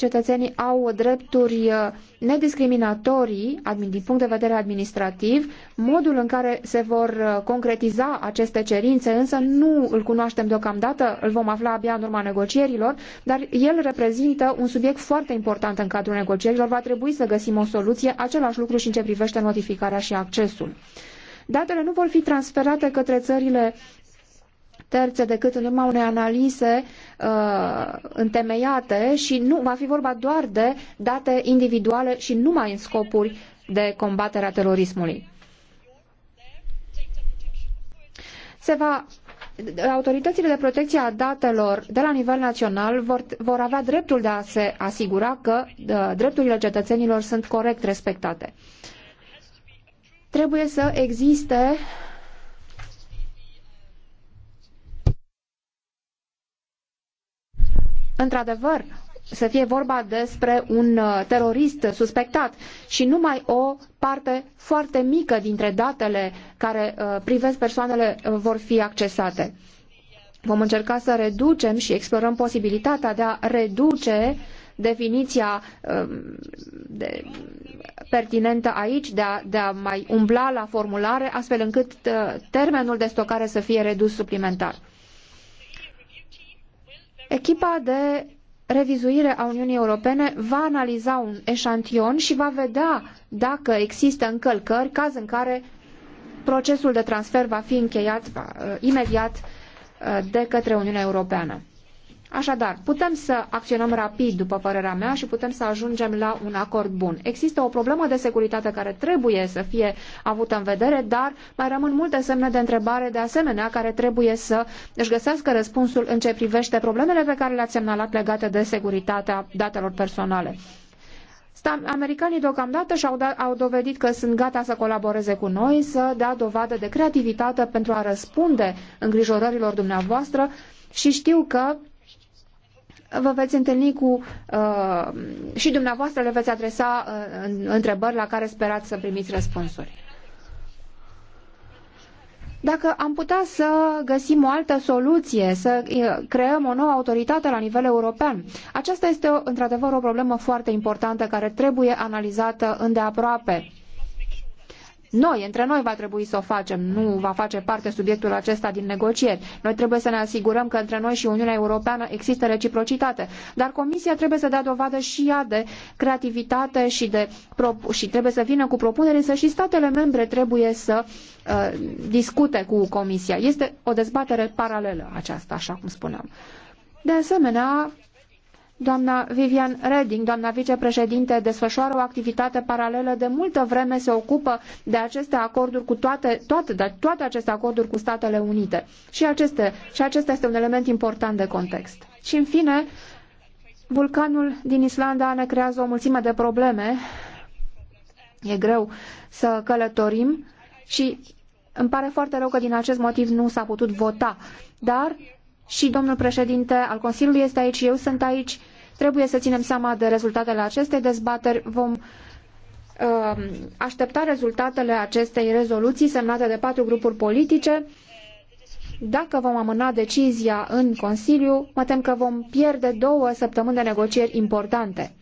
[SPEAKER 2] cetățenii au drepturi uh, nediscriminatorii din punct de vedere administrativ. Modul în care se vor uh, concretiza aceste cerințe însă nu îl cunoaștem deocamdată, îl vom afla abia în urma negocierilor, dar el reprezintă un subiect foarte important în cadrul negocierilor. Va trebui să găsim o soluție, același lucru și în ce privește notificarea și accesul. Datele nu vor fi transferate către țările terțe decât în urma unei analize uh, întemeiate și nu va fi vorba doar de date individuale și numai în scopuri de combatere a terorismului. Se va autoritățile de protecție a datelor de la nivel național vor, vor avea dreptul de a se asigura că uh, drepturile cetățenilor sunt corect respectate. Trebuie să existe într-adevăr, să fie vorba despre un uh, terorist suspectat și numai o parte foarte mică dintre datele care uh, privesc persoanele uh, vor fi accesate. Vom încerca să reducem și explorăm posibilitatea de a reduce definiția um, de, pertinentă aici, de a, de a mai umbla la formulare, astfel încât termenul de stocare să fie redus suplimentar. Echipa de revizuire a Uniunii Europene va analiza un eșantion și va vedea dacă există încălcări, caz în care procesul de transfer va fi încheiat uh, imediat uh, de către Uniunea Europeană. Așadar, putem să acționăm rapid, după părerea mea, și putem să ajungem la un acord bun. Există o problemă de securitate care trebuie să fie avută în vedere, dar mai rămân multe semne de întrebare de asemenea care trebuie să își găsească răspunsul în ce privește problemele pe care le-ați semnalat legate de securitatea datelor personale. Americanii deocamdată și-au da- au dovedit că sunt gata să colaboreze cu noi, să dea dovadă de creativitate pentru a răspunde îngrijorărilor dumneavoastră și știu că vă veți întâlni cu uh, și dumneavoastră le veți adresa uh, întrebări la care sperați să primiți răspunsuri. Dacă am putea să găsim o altă soluție, să uh, creăm o nouă autoritate la nivel european, aceasta este într-adevăr o problemă foarte importantă care trebuie analizată îndeaproape. Noi, între noi va trebui să o facem, nu va face parte subiectul acesta din negocieri. Noi trebuie să ne asigurăm că între noi și Uniunea Europeană există reciprocitate, dar Comisia trebuie să dea dovadă și ea de creativitate și, de, și trebuie să vină cu propuneri, însă și statele membre trebuie să uh, discute cu Comisia. Este o dezbatere paralelă aceasta, așa cum spuneam. De asemenea, Doamna Vivian Reding, doamna vicepreședinte, desfășoară o activitate paralelă de multă vreme, se ocupă de aceste acorduri cu toate, toate, de toate aceste acorduri cu Statele Unite. Și, aceste, și acesta este un element important de context. Și în fine, vulcanul din Islanda ne creează o mulțime de probleme. E greu să călătorim și îmi pare foarte rău că din acest motiv nu s-a putut vota. Dar și domnul președinte al Consiliului este aici, eu sunt aici Trebuie să ținem seama de rezultatele acestei dezbateri. Vom uh, aștepta rezultatele acestei rezoluții semnate de patru grupuri politice. Dacă vom amâna decizia în Consiliu, mă tem că vom pierde două săptămâni de negocieri importante.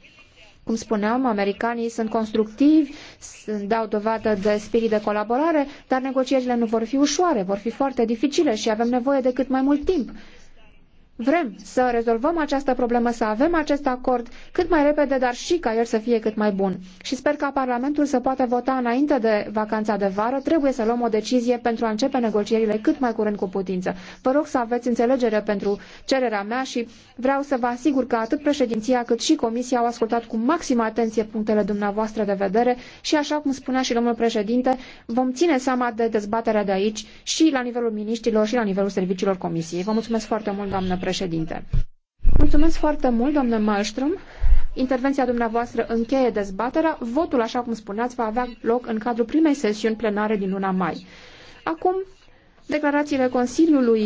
[SPEAKER 2] Cum spuneam, americanii sunt constructivi, dau dovadă de spirit de colaborare, dar negocierile nu vor fi ușoare, vor fi foarte dificile și avem nevoie de cât mai mult timp. Vrem să rezolvăm această problemă, să avem acest acord cât mai repede, dar și ca el să fie cât mai bun. Și sper ca Parlamentul să poată vota înainte de vacanța de vară. Trebuie să luăm o decizie pentru a începe negocierile cât mai curând cu putință. Vă rog să aveți înțelegere pentru cererea mea și vreau să vă asigur că atât președinția cât și comisia au ascultat cu maximă atenție punctele dumneavoastră de vedere și așa cum spunea și domnul președinte, vom ține seama de dezbaterea de aici și la nivelul miniștilor și la nivelul serviciilor comisiei. Vă mulțumesc foarte mult, doamnă președinte președinte. Mulțumesc foarte mult, doamnă Malmström. Intervenția dumneavoastră încheie dezbaterea. Votul, așa cum spuneați, va avea loc în cadrul primei sesiuni plenare din luna mai. Acum, declarațiile Consiliului